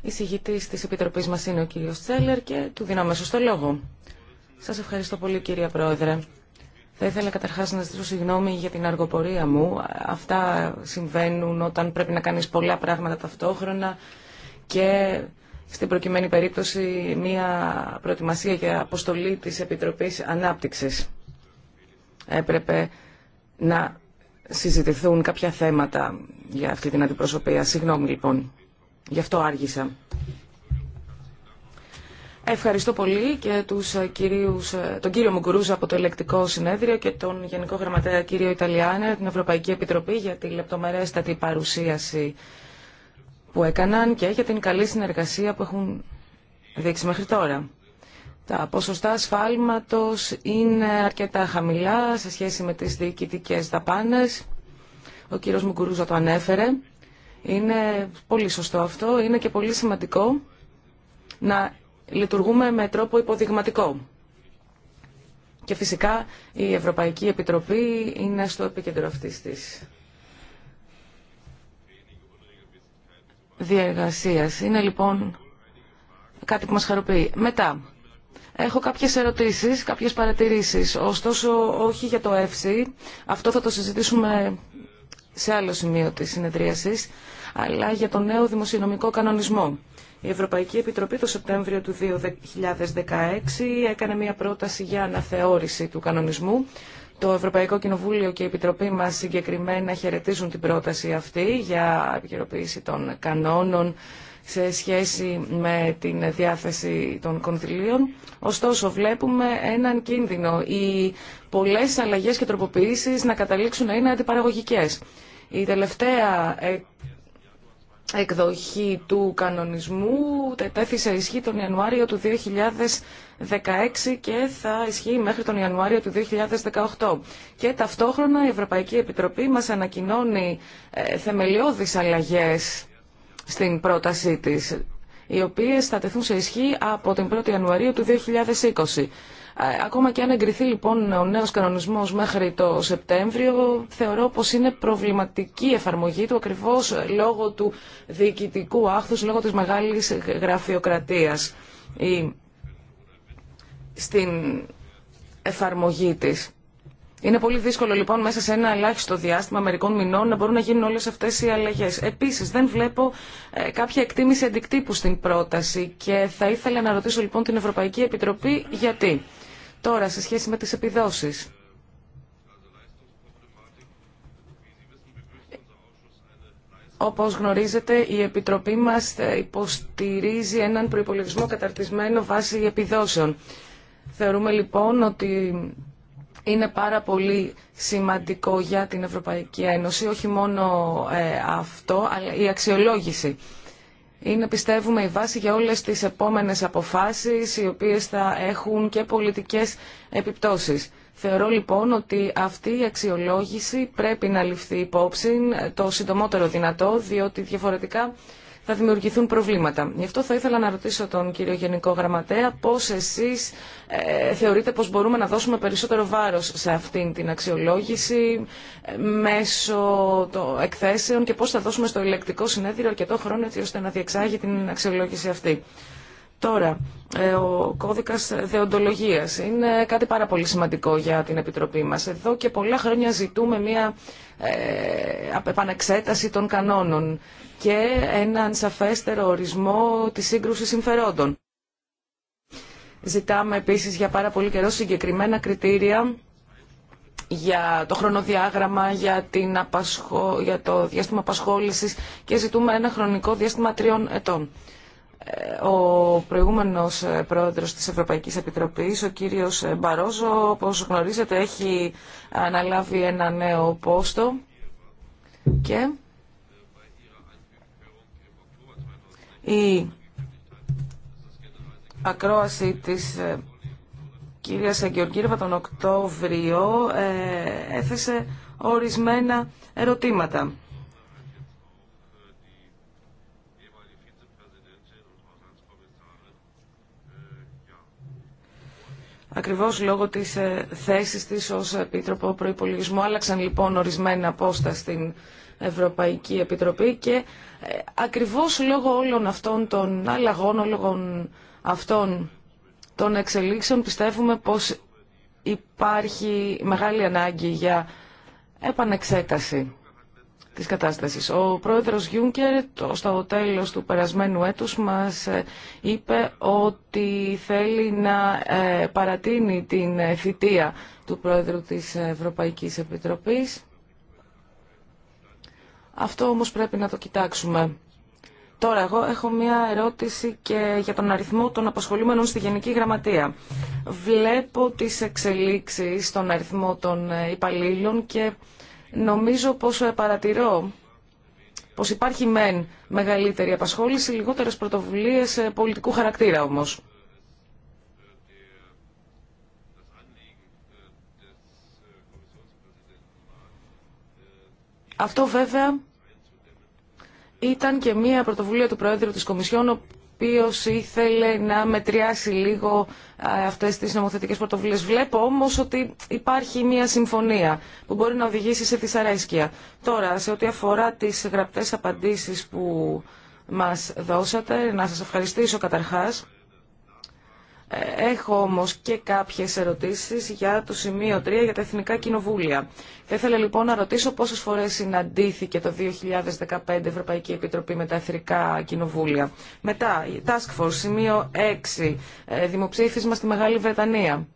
Η συγητή της Επιτροπής μας είναι ο κύριος Τσέλερ και του δίνω αμέσω το λόγο. Σας ευχαριστώ πολύ κυρία Πρόεδρε. Θα ήθελα καταρχά να ζητήσω συγγνώμη για την αργοπορία μου. Αυτά συμβαίνουν όταν πρέπει να κάνεις πολλά πράγματα ταυτόχρονα και στην προκειμένη περίπτωση μια προετοιμασία για αποστολή τη επιτροπή ανάπτυξη. Έπρεπε να συζητηθούν κάποια θέματα για αυτή την αντιπροσωπεία. Συγγνώμη λοιπόν. Γι' αυτό άργησα. Ευχαριστώ πολύ και τους ε, κυρίους, ε, τον κύριο Μουγκουρούζα από το Ελεκτικό Συνέδριο και τον Γενικό Γραμματέα κύριο Ιταλιάνε, την Ευρωπαϊκή Επιτροπή για τη λεπτομερέστατη παρουσίαση που έκαναν και για την καλή συνεργασία που έχουν δείξει μέχρι τώρα. Τα ποσοστά ασφάλματος είναι αρκετά χαμηλά σε σχέση με τις διοικητικές δαπάνες. Ο κύριος Μουγκουρούζα το ανέφερε. Είναι πολύ σωστό αυτό, είναι και πολύ σημαντικό να λειτουργούμε με τρόπο υποδειγματικό. Και φυσικά η Ευρωπαϊκή Επιτροπή είναι στο επίκεντρο αυτής της διεργασίας. Είναι λοιπόν κάτι που μας χαροποιεί. Μετά, έχω κάποιες ερωτήσεις, κάποιες παρατηρήσεις, ωστόσο όχι για το ΕΦΣΥ. Αυτό θα το συζητήσουμε σε άλλο σημείο της συνεδρίασης, αλλά για τον νέο δημοσιονομικό κανονισμό. Η Ευρωπαϊκή Επιτροπή το Σεπτέμβριο του 2016 έκανε μια πρόταση για αναθεώρηση του κανονισμού. Το Ευρωπαϊκό Κοινοβούλιο και η Επιτροπή μας συγκεκριμένα χαιρετίζουν την πρόταση αυτή για επικαιροποίηση των κανόνων σε σχέση με την διάθεση των κονδυλίων. Ωστόσο, βλέπουμε έναν κίνδυνο οι πολλές αλλαγές και τροποποιήσεις να καταλήξουν να είναι αντιπαραγωγικές. Η τελευταία ε, εκδοχή του κανονισμού τέθησε σε ισχύ τον Ιανουάριο του 2016 και θα ισχύει μέχρι τον Ιανουάριο του 2018. Και ταυτόχρονα η Ευρωπαϊκή Επιτροπή μας ανακοινώνει ε, θεμελιώδεις αλλαγές στην πρότασή της, οι οποίες θα τεθούν σε ισχύ από την 1η Ιανουαρίου του 2020. Ε, ακόμα και αν εγκριθεί λοιπόν ο νέος κανονισμός μέχρι το Σεπτέμβριο, θεωρώ πως είναι προβληματική η εφαρμογή του ακριβώς λόγω του διοικητικού άχθους, λόγω της μεγάλης γραφειοκρατίας στην εφαρμογή της. Είναι πολύ δύσκολο λοιπόν μέσα σε ένα ελάχιστο διάστημα μερικών μηνών να μπορούν να γίνουν όλες αυτές οι αλλαγές. Επίσης δεν βλέπω ε, κάποια εκτίμηση αντικτύπου στην πρόταση και θα ήθελα να ρωτήσω λοιπόν την Ευρωπαϊκή Επιτροπή γιατί. Τώρα σε σχέση με τις επιδόσεις. Όπως γνωρίζετε, η Επιτροπή μας ε, υποστηρίζει έναν προϋπολογισμό καταρτισμένο βάσει επιδόσεων. Θεωρούμε λοιπόν ότι είναι πάρα πολύ σημαντικό για την Ευρωπαϊκή Ένωση. Όχι μόνο ε, αυτό, αλλά η αξιολόγηση. Είναι, πιστεύουμε, η βάση για όλες τις επόμενες αποφάσεις, οι οποίες θα έχουν και πολιτικές επιπτώσεις. Θεωρώ λοιπόν ότι αυτή η αξιολόγηση πρέπει να ληφθεί υπόψη το συντομότερο δυνατό, διότι διαφορετικά θα δημιουργηθούν προβλήματα. Γι' αυτό θα ήθελα να ρωτήσω τον κύριο Γενικό Γραμματέα πώς εσείς ε, θεωρείτε πως μπορούμε να δώσουμε περισσότερο βάρος σε αυτήν την αξιολόγηση ε, μέσω των εκθέσεων και πώς θα δώσουμε στο ηλεκτρικό συνέδριο αρκετό χρόνο έτσι ώστε να διεξάγει την αξιολογηση μεσω των εκθεσεων και πως θα δωσουμε στο ηλεκτρικο αυτή. Τώρα, ε, ο κώδικας δεοντολογίας είναι κάτι πάρα πολύ σημαντικό για την Επιτροπή μας. Εδώ και πολλά χρόνια ζητούμε μια ε, επανεξέταση των κανόνων και έναν σαφέστερο ορισμό της σύγκρουση συμφερόντων. Ζητάμε επίσης για πάρα πολύ καιρό συγκεκριμένα κριτήρια για το χρονοδιάγραμμα, για, την για το διάστημα απασχόλησης και ζητούμε ένα χρονικό διάστημα τριών ετών ο προηγούμενος ε, πρόεδρος της Ευρωπαϊκής Επιτροπής, ο κύριος ε, Μπαρόζο, όπως γνωρίζετε, έχει αναλάβει ένα νέο πόστο και η ακρόαση της ε, κυρίας Αγγεωργίρβα τον Οκτώβριο έθεσε ορισμένα ερωτήματα. ακριβώς λόγω της ε, θέσης της ως Επίτροπο Προϋπολογισμού. Άλλαξαν λοιπόν ορισμένα πόστα στην Ευρωπαϊκή Επιτροπή και ε, ακριβώς λόγω όλων αυτών των αλλαγών, λόγω αυτών των εξελίξεων πιστεύουμε πως υπάρχει μεγάλη ανάγκη για επανεξέταση της κατάστασης. Ο πρόεδρος Γιούνκερ στο τέλος του περασμένου έτους μας ε, είπε ότι θέλει να ε, παρατείνει την ε, θητεία του πρόεδρου της Ευρωπαϊκής Επιτροπής. Αυτό όμως πρέπει να το κοιτάξουμε. Τώρα, εγώ έχω μια ερώτηση και για τον αριθμό των απασχολούμενων στη Γενική Γραμματεία. Βλέπω τις εξελίξεις στον αριθμό των υπαλλήλων και νομίζω πως ε, παρατηρώ πως υπάρχει μεν μεγαλύτερη απασχόληση, λιγότερες πρωτοβουλίες ε, πολιτικού χαρακτήρα όμως. Αυτό βέβαια ήταν και μία πρωτοβουλία του Προέδρου της Κομισιόν, οποίος ήθελε να μετριάσει λίγο αυτές τις νομοθετικές πρωτοβουλίες. Βλέπω όμως ότι υπάρχει μια συμφωνία που μπορεί να οδηγήσει σε δυσαρέσκεια. Τώρα, σε ό,τι αφορά τις γραπτές απαντήσεις που μας δώσατε, να σας ευχαριστήσω καταρχάς Έχω όμως και κάποιες ερωτήσεις για το σημείο 3 για τα Εθνικά Κοινοβούλια. Θα ήθελα λοιπόν να ρωτήσω πόσες φορές συναντήθηκε το 2015 Ευρωπαϊκή Επιτροπή με τα Εθνικά Κοινοβούλια. Μετά, Task Force, σημείο 6, ε, δημοψήφισμα στη Μεγάλη Βρετανία.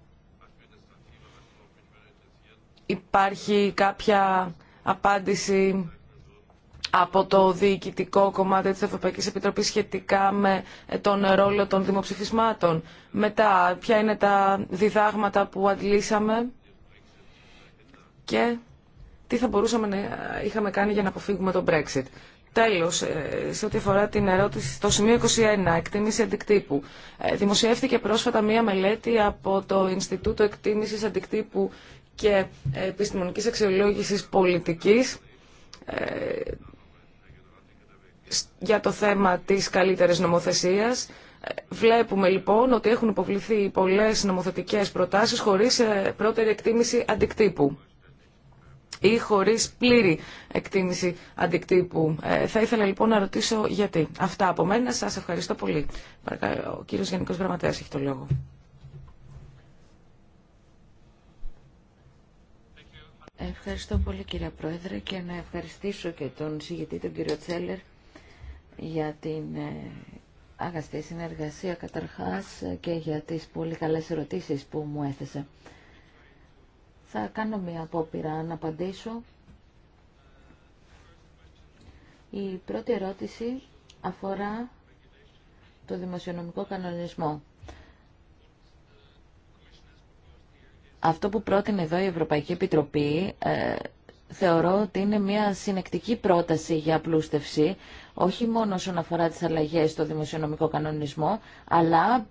Υπάρχει κάποια απάντηση από το διοικητικό κομμάτι της Ευρωπαϊκής Επιτροπής σχετικά με τον ρόλο των δημοψηφισμάτων. Μετά, ποια είναι τα διδάγματα που αντλήσαμε και τι θα μπορούσαμε να είχαμε κάνει για να αποφύγουμε τον Brexit. Τέλος, ε, σε ό,τι αφορά την ερώτηση, το σημείο 21, εκτίμηση αντικτύπου. Ε, δημοσιεύτηκε πρόσφατα μία μελέτη από το Ινστιτούτο Εκτίμησης Αντικτύπου και Επιστημονικής Αξιολόγησης Πολιτικής ε, για το θέμα της καλύτερης νομοθεσίας. Βλέπουμε λοιπόν ότι έχουν υποβληθεί πολλές νομοθετικές προτάσεις χωρίς ε, πρώτερη εκτίμηση αντικτύπου ή χωρίς πλήρη εκτίμηση αντικτύπου. Ε, θα ήθελα λοιπόν να ρωτήσω γιατί. Αυτά από μένα. Σας ευχαριστώ πολύ. Ο κύριος Γενικός Γραμματέας έχει το λόγο. Ευχαριστώ πολύ κύριε Πρόεδρε και να ευχαριστήσω και τον συγγετή τον κύριο Τσέλερ για την ε, αγαστή συνεργασία καταρχάς και για τις πολύ καλές ερωτήσεις που μου έθεσε. Θα κάνω μια απόπειρα να απαντήσω. Η πρώτη ερώτηση αφορά το δημοσιονομικό κανονισμό. Αυτό που πρότεινε εδώ η Ευρωπαϊκή Επιτροπή ε, θεωρώ ότι είναι μια συνεκτική πρόταση για απλούστευση, όχι μόνο όσον αφορά τις αλλαγές στο δημοσιονομικό κανονισμό, αλλά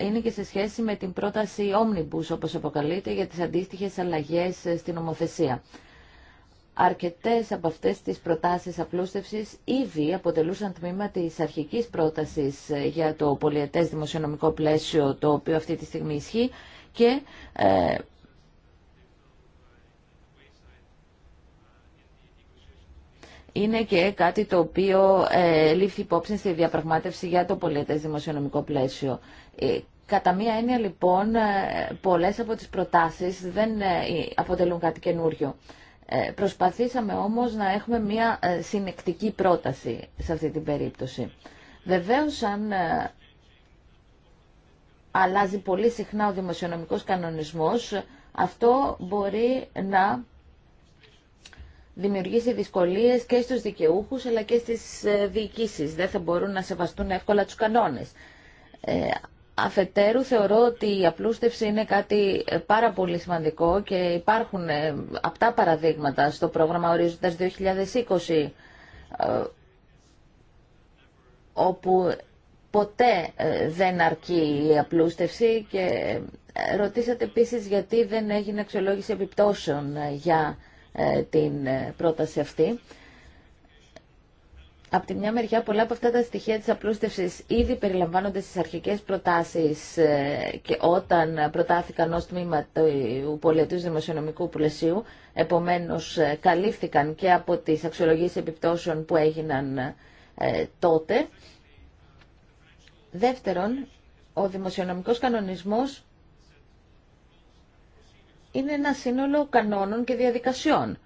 είναι και σε σχέση με την πρόταση Omnibus, όπως αποκαλείται, για τις αντίστοιχες αλλαγές ε, στην ομοθεσία. Αρκετές από αυτές τις προτάσεις απλούστευσης ήδη αποτελούσαν τμήμα της αρχικής πρότασης ε, για το πολιετές δημοσιονομικό πλαίσιο, το οποίο αυτή τη στιγμή ισχύει, και ε, είναι και κάτι το οποίο ε, λήφθη υπόψη στη διαπραγμάτευση για το πολίτες δημοσιονομικό πλαίσιο. Ε, κατά μία έννοια λοιπόν ε, πολλές από τις προτάσεις δεν ε, αποτελούν κάτι καινούριο. Προσπαθήσαμε όμως να έχουμε μία συνεκτική πρόταση σε αυτή την περίπτωση. Βεβαίως αν αλλάζει πολύ συχνά ο δημοσιονομικός κανονισμός αυτό μπορεί να δημιουργήσει δυσκολίες και στους δικαιούχους αλλά και στις ε, διοικήσεις. Δεν θα μπορούν να σεβαστούν εύκολα τους κανόνες. Ε, αφετέρου θεωρώ ότι η απλούστευση είναι κάτι ε, πάρα πολύ σημαντικό και υπάρχουν ε, απτά παραδείγματα στο πρόγραμμα Ορίζοντας 2020 όπου ποτέ δεν αρκεί η απλούστευση και ρωτήσατε επίσης γιατί δεν έγινε αξιολόγηση επιπτώσεων για ε, την ε, πρόταση αυτή. Από τη μια μεριά, πολλά από αυτά τα στοιχεία της απλούστευσης ήδη περιλαμβάνονται στις αρχικές προτάσεις ε, και όταν προτάθηκαν ως τμήμα του πολιτικού δημοσιονομικού πλαισίου, επομένως καλύφθηκαν και από τις αξιολογίες επιπτώσεων που έγιναν τότε. Δεύτερον, ο δημοσιονομικός κανονισμός είναι ένα σύνολο κανόνων και διαδικασιών.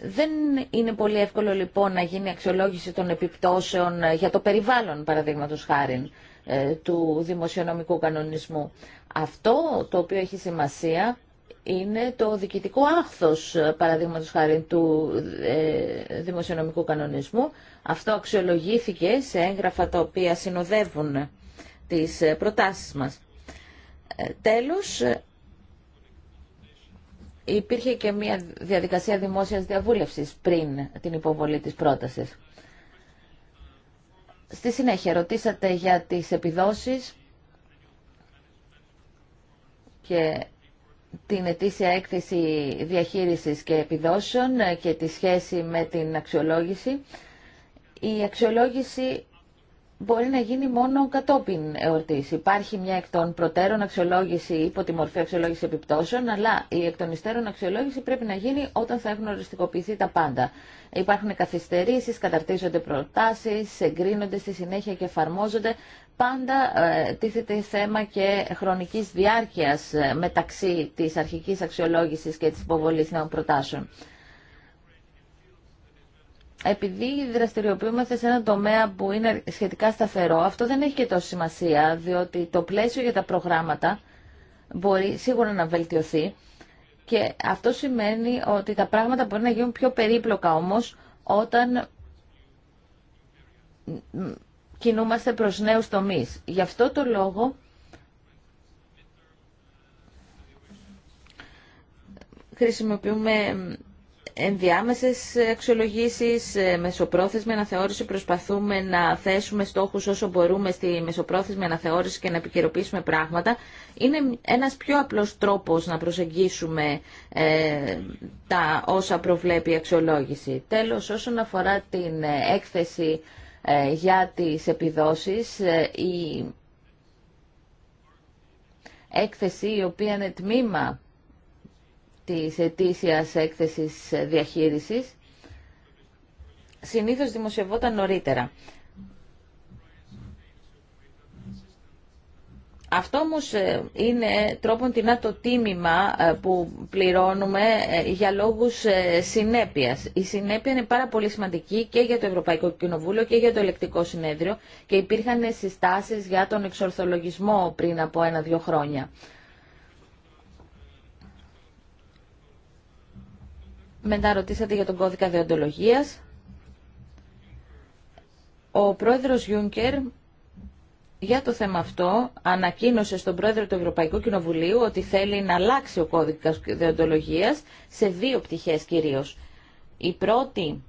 Δεν είναι πολύ εύκολο λοιπόν να γίνει αξιολόγηση των επιπτώσεων ε, για το περιβάλλον, παραδείγματο χάρη, ε, του δημοσιονομικού κανονισμού. Αυτό το οποίο έχει σημασία είναι το διοικητικό άχθος, ε, παραδείγματος χάρη, του δημοσιονομικού κανονισμού. Αυτό αξιολογήθηκε σε έγγραφα τα οποία συνοδεύουν τις προτάσεις μας. Τέλος, υπήρχε και μια διαδικασία δημόσιας διαβούλευσης πριν την υποβολή της πρότασης. Στη συνέχεια ρωτήσατε για τις επιδόσεις και την ετήσια έκθεση διαχείρισης και επιδόσεων και τη σχέση με την αξιολόγηση. Η αξιολόγηση μπορεί να γίνει μόνο κατόπιν εορτή. Υπάρχει μια εκ των προτέρων αξιολόγηση υπό τη μορφή αξιολόγηση επιπτώσεων, αλλά η εκ των υστέρων αξιολόγηση πρέπει να γίνει όταν θα έχουν οριστικοποιηθεί τα πάντα. Υπάρχουν καθυστερήσει, καταρτίζονται προτάσεις, εγκρίνονται στη συνέχεια και εφαρμόζονται. Πάντα ε, τίθεται θέμα και χρονικής διάρκειας ε, μεταξύ τη αρχική αξιολόγηση και τη υποβολή νέων προτάσεων επειδή δραστηριοποιούμαστε σε ένα τομέα που είναι σχετικά σταθερό, αυτό δεν έχει και τόσο σημασία, διότι το πλαίσιο για τα προγράμματα μπορεί σίγουρα να βελτιωθεί και αυτό σημαίνει ότι τα πράγματα μπορεί να γίνουν πιο περίπλοκα όμως όταν κινούμαστε προς νέους τομείς. Γι' αυτό το λόγο χρησιμοποιούμε ενδιάμεσες αξιολογήσεις, ε, μεσοπρόθεσμη αναθεώρηση. Προσπαθούμε να θέσουμε στόχους όσο μπορούμε στη μεσοπρόθεσμη αναθεώρηση και να επικαιροποιήσουμε πράγματα. Είναι ένας πιο απλός τρόπος να προσεγγίσουμε ε, τα όσα προβλέπει η αξιολόγηση. Τέλος, όσον αφορά την ε, έκθεση για τις επιδόσεις, η έκθεση η οποία είναι τμήμα της ετήσιας έκθεσης διαχείρισης συνήθως δημοσιευόταν νωρίτερα. Αυτό όμω ε, είναι τρόπον την το τίμημα ε, που πληρώνουμε ε, για λόγους συνέπειας. Η συνέπεια είναι πάρα πολύ σημαντική και για το Ευρωπαϊκό Κοινοβούλιο και για το Ελεκτικό Συνέδριο και υπήρχαν συστάσεις για τον εξορθολογισμό πριν από ένα-δύο χρόνια. Μετά ρωτήσατε για τον κώδικα διοντολογίας. Ο πρόεδρος Γιούνκερ για το θέμα αυτό ανακοίνωσε στον πρόεδρο του Ευρωπαϊκού Κοινοβουλίου ότι θέλει να αλλάξει ο κώδικας διοντολογίας σε δύο πτυχές κυρίως. Η πρώτη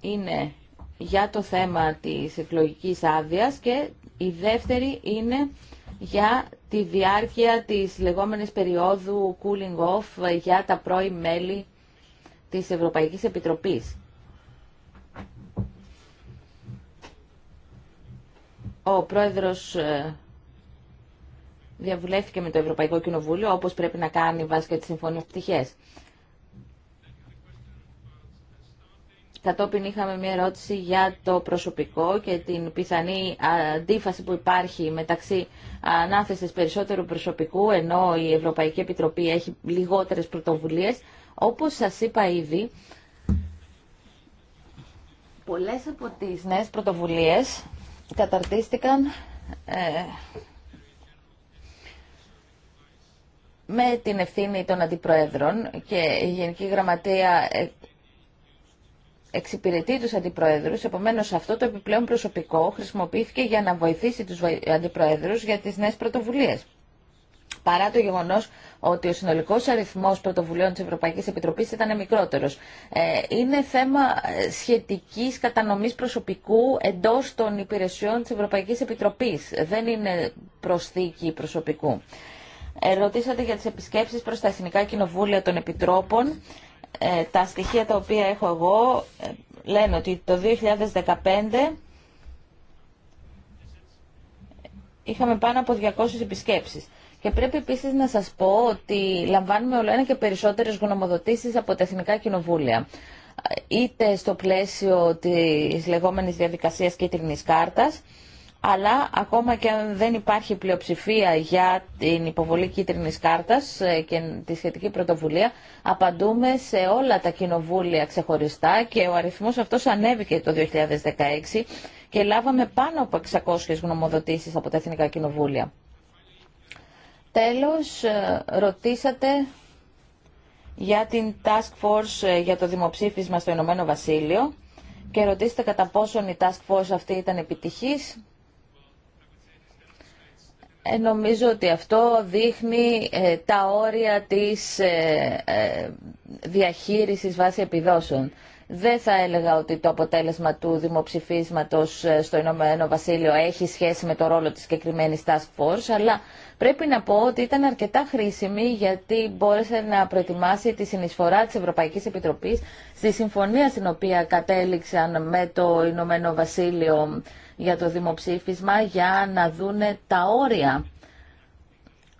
είναι για το θέμα της εκλογικής άδειας και η δεύτερη είναι για τη διάρκεια της λεγόμενης περίοδου cooling off για τα πρώην μέλη της Ευρωπαϊκής Επιτροπής. Ο πρόεδρος ε, διαβουλεύτηκε με το Ευρωπαϊκό Κοινοβούλιο, όπως πρέπει να κάνει βάσει και τις συμφωνίες πτυχές. Κατόπιν είχαμε μια ερώτηση για το προσωπικό και την πιθανή αντίφαση που υπάρχει μεταξύ ανάθεσης περισσότερου προσωπικού, ενώ η Ευρωπαϊκή Επιτροπή έχει λιγότερες πρωτοβουλίες. Όπως σας είπα ήδη, πολλές από τις νέες πρωτοβουλίες καταρτίστηκαν ε, με την ευθύνη των αντιπροέδρων και η Γενική Γραμματεία ε, εξυπηρετεί τους αντιπροέδρους, επομένως αυτό το επιπλέον προσωπικό χρησιμοποιήθηκε για να βοηθήσει τους αντιπροέδρους για τις νέες πρωτοβουλίες. Παρά το γεγονό ότι ο συνολικό αριθμό πρωτοβουλίων τη Ευρωπαϊκή Επιτροπή ήταν μικρότερο. Ε, είναι θέμα ε, σχετική κατανομή προσωπικού εντό των υπηρεσιών τη Ευρωπαϊκή Επιτροπή. Δεν είναι προσθήκη προσωπικού. Ερωτήσατε για τι επισκέψει προ τα Εθνικά Κοινοβούλια των Επιτρόπων. Ε, τα στοιχεία τα οποία έχω εγώ ε, λένε ότι το 2015 είχαμε πάνω από 200 επισκέψεις. Και πρέπει επίσης να σας πω ότι λαμβάνουμε όλο ένα και περισσότερες γνωμοδοτήσεις από τα Εθνικά Κοινοβούλια. Ε, είτε στο πλαίσιο της λεγόμενης διαδικασίας κίτρινης κάρτας, αλλά ακόμα και αν δεν υπάρχει πλειοψηφία για την υποβολή κίτρινης κάρτας ε, και τη σχετική πρωτοβουλία, απαντούμε σε όλα τα κοινοβούλια ξεχωριστά και ο αριθμός αυτός ανέβηκε το 2016 και λάβαμε πάνω από 600 γνωμοδοτήσεις από τα Εθνικά Κοινοβούλια. Τέλος, ε, ρωτήσατε για την Task Force ε, για το δημοψήφισμα στο Ηνωμένο Βασίλειο και ρωτήσατε κατά πόσον η Task Force αυτή ήταν επιτυχής. Ε, νομίζω ότι αυτό δείχνει ε, τα όρια της ε, διαχείρισης βάσει επιδόσεων. Δεν θα έλεγα ότι το αποτέλεσμα του δημοψηφίσματος στο Ηνωμένο Βασίλειο έχει σχέση με το ρόλο της συγκεκριμένη Task Force, αλλά πρέπει να πω ότι ήταν αρκετά χρήσιμη γιατί μπόρεσε να προετοιμάσει τη συνεισφορά της Ευρωπαϊκής Επιτροπής στη συμφωνία στην οποία κατέληξαν με το Ηνωμένο Βασίλειο για το δημοψήφισμα για να δούνε τα όρια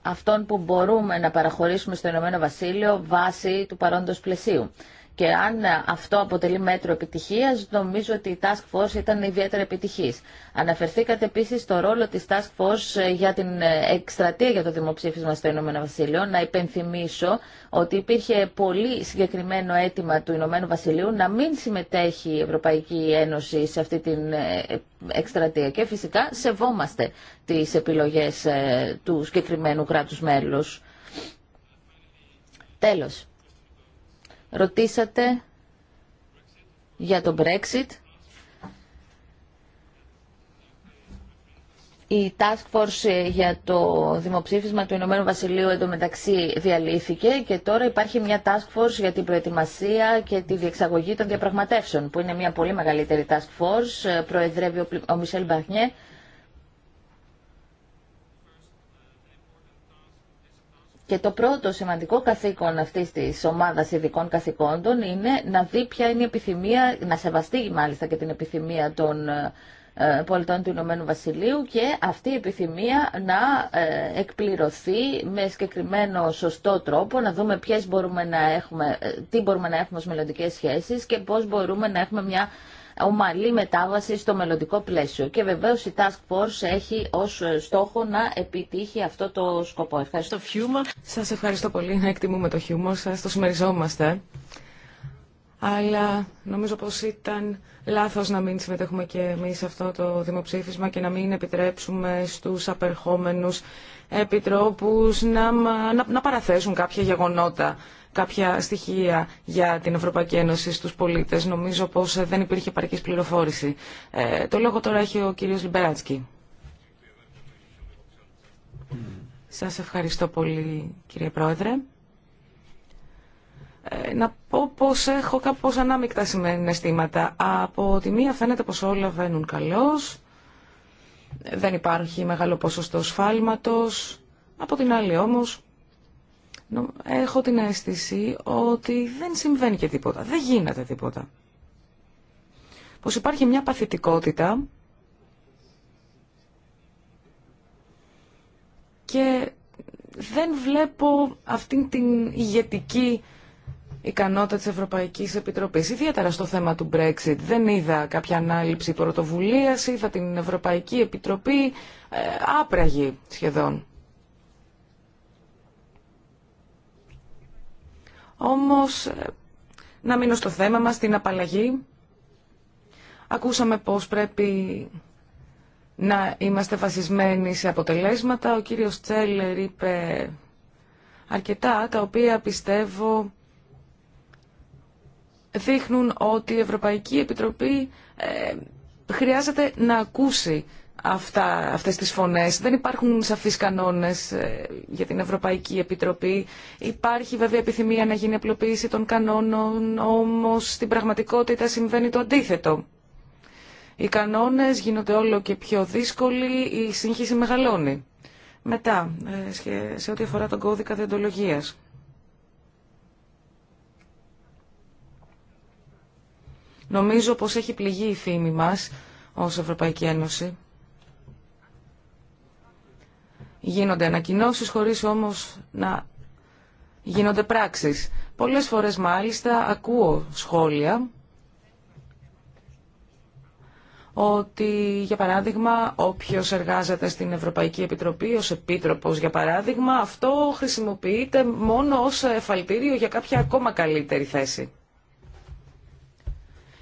αυτών που μπορούμε να παραχωρήσουμε στο Ηνωμένο Βασίλειο βάσει του παρόντος πλαισίου. Και αν αυτό αποτελεί μέτρο επιτυχία, νομίζω ότι η Task Force ήταν ιδιαίτερα επιτυχη. Αναφερθήκατε επίση στο ρόλο τη Task Force για την εκστρατεία για το δημοψήφισμα στο Ηνωμένο Βασίλειο. Να υπενθυμίσω ότι υπήρχε πολύ συγκεκριμένο αίτημα του Ηνωμένου Βασιλείου να μην συμμετέχει η Ευρωπαϊκή Ένωση σε αυτή την ε, εκστρατεία. Και φυσικά σεβόμαστε τι επιλογέ ε, του συγκεκριμένου κράτου μέλου. Τέλος. Ρωτήσατε για το Brexit. Η Task Force για το δημοψήφισμα του Ηνωμένου Βασιλείου εντωμεταξύ διαλύθηκε και τώρα υπάρχει μια Task Force για την προετοιμασία και τη διεξαγωγή των διαπραγματεύσεων, που είναι μια πολύ μεγαλύτερη Task Force. Προεδρεύει ο Μισελ Μπαχνιέ Και το πρώτο σημαντικό καθήκον αυτή τη ομάδα ειδικών καθηκόντων είναι να δει ποια είναι η επιθυμία, να σεβαστεί μάλιστα και την επιθυμία των ε, ε, πολιτών του Ηνωμένου Βασιλείου και αυτή η επιθυμία να ε, εκπληρωθεί με συγκεκριμένο σωστό τρόπο, να δούμε ποιες μπορούμε να έχουμε, τι μπορούμε να έχουμε ως μελλοντικέ σχέσεις και πώς μπορούμε να έχουμε μια ομαλή μετάβαση στο μελλοντικό πλαίσιο. Και βεβαίω η Task Force έχει ω στόχο να επιτύχει αυτό το σκοπό. Ευχαριστώ. Σας ευχαριστώ πολύ. Να εκτιμούμε το χιούμορ σα Το συμμεριζόμαστε. Αλλά νομίζω πω ήταν λάθο να μην συμμετέχουμε και εμεί σε αυτό το δημοψήφισμα και να μην επιτρέψουμε στου απερχόμενου επιτρόπου να παραθέσουν κάποια γεγονότα κάποια στοιχεία για την Ευρωπαϊκή Ένωση στους πολίτες. Νομίζω πως ε, δεν υπήρχε παρκής πληροφόρηση. Ε, το λόγο τώρα έχει ο κύριος Λιμπεράτσκι. Σας ευχαριστώ πολύ κύριε Πρόεδρε. Ε, να πω πως έχω κάπως ανάμεικτα αισθήματα. Από τη μία φαίνεται πως όλα βαίνουν καλώς, δεν υπάρχει μεγάλο ποσοστό σφάλματος, από την άλλη όμως έχω την αίσθηση ότι δεν συμβαίνει και τίποτα, δεν γίνεται τίποτα. Πως υπάρχει μια παθητικότητα και δεν βλέπω αυτήν την ηγετική ικανότητα της Ευρωπαϊκής Επιτροπής, ιδιαίτερα στο θέμα του Brexit. Δεν είδα κάποια ανάληψη πρωτοβουλίας, είδα την Ευρωπαϊκή Επιτροπή ε, άπραγη σχεδόν. Όμως, να μείνω στο θέμα μας, την απαλλαγή. Ακούσαμε πως πρέπει να είμαστε βασισμένοι σε αποτελέσματα. Ο κύριος Τσέλερ είπε αρκετά, τα οποία πιστεύω δείχνουν ότι η Ευρωπαϊκή Επιτροπή ε, χρειάζεται να ακούσει αυτά, αυτές τις φωνές. Δεν υπάρχουν σαφείς κανόνες ε, για την Ευρωπαϊκή Επιτροπή. Υπάρχει βέβαια επιθυμία να γίνει απλοποίηση των κανόνων, όμως στην πραγματικότητα συμβαίνει το αντίθετο. Οι κανόνες γίνονται όλο και πιο δύσκολοι, η σύγχυση μεγαλώνει. Μετά, ε, σε ό,τι αφορά τον κώδικα διοντολογίας. Νομίζω πως έχει πληγεί η φήμη μας ως Ευρωπαϊκή Ένωση γίνονται ανακοινώσει χωρίς όμως να γίνονται πράξεις. Πολλές φορές μάλιστα ακούω σχόλια ότι για παράδειγμα όποιο εργάζεται στην Ευρωπαϊκή Επιτροπή ω επίτροπο, για παράδειγμα αυτό χρησιμοποιείται μόνο ως εφαλτήριο για κάποια ακόμα καλύτερη θέση.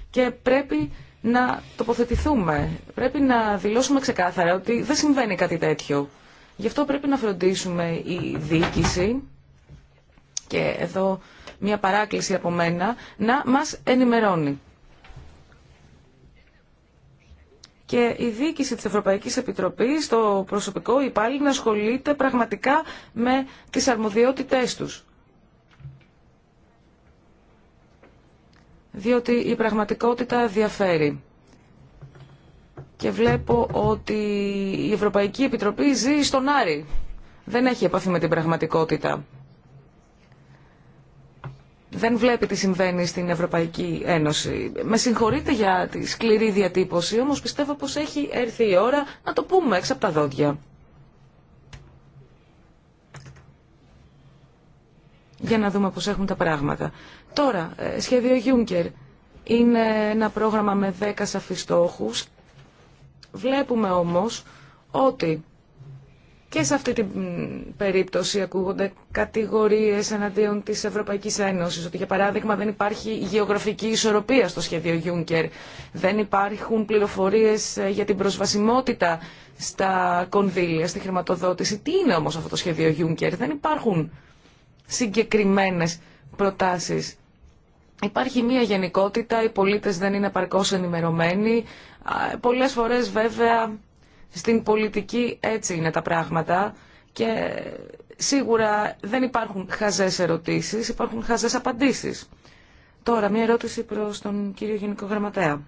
Και πρέπει να τοποθετηθούμε, πρέπει να δηλώσουμε ξεκάθαρα ότι δεν συμβαίνει κάτι τέτοιο. Γι' αυτό πρέπει να φροντίσουμε η διοίκηση και εδώ μια παράκληση από μένα να μας ενημερώνει. Και η διοίκηση της Ευρωπαϊκής Επιτροπής, το προσωπικό υπάλληλο να ασχολείται πραγματικά με τις αρμοδιότητές τους. Διότι η πραγματικότητα διαφέρει και βλέπω ότι η Ευρωπαϊκή Επιτροπή ζει στον Άρη. Δεν έχει επαφή με την πραγματικότητα. Δεν βλέπει τι συμβαίνει στην Ευρωπαϊκή Ένωση. Με συγχωρείτε για τη σκληρή διατύπωση, όμως πιστεύω πως έχει έρθει η ώρα να το πούμε έξω από τα δόντια. Για να δούμε πώς έχουν τα πράγματα. Τώρα, ε, σχέδιο Juncker. Είναι ένα πρόγραμμα με 10 σαφείς Βλέπουμε όμως ότι και σε αυτή την περίπτωση ακούγονται κατηγορίες εναντίον της Ευρωπαϊκής Ένωσης, ότι για παράδειγμα δεν υπάρχει γεωγραφική ισορροπία στο σχέδιο Juncker, δεν υπάρχουν πληροφορίες ε, για την προσβασιμότητα στα κονδύλια, στη χρηματοδότηση. Τι είναι όμως αυτό το σχέδιο Juncker, δεν υπάρχουν συγκεκριμένες προτάσεις. Υπάρχει μια γενικότητα, οι πολίτες δεν είναι παρκώς ενημερωμένοι, Πολλές φορές βέβαια στην πολιτική έτσι είναι τα πράγματα και σίγουρα δεν υπάρχουν χαζές ερωτήσεις, υπάρχουν χαζές απαντήσεις. Τώρα, μια ερώτηση προς τον κύριο Γενικό Γραμματέα.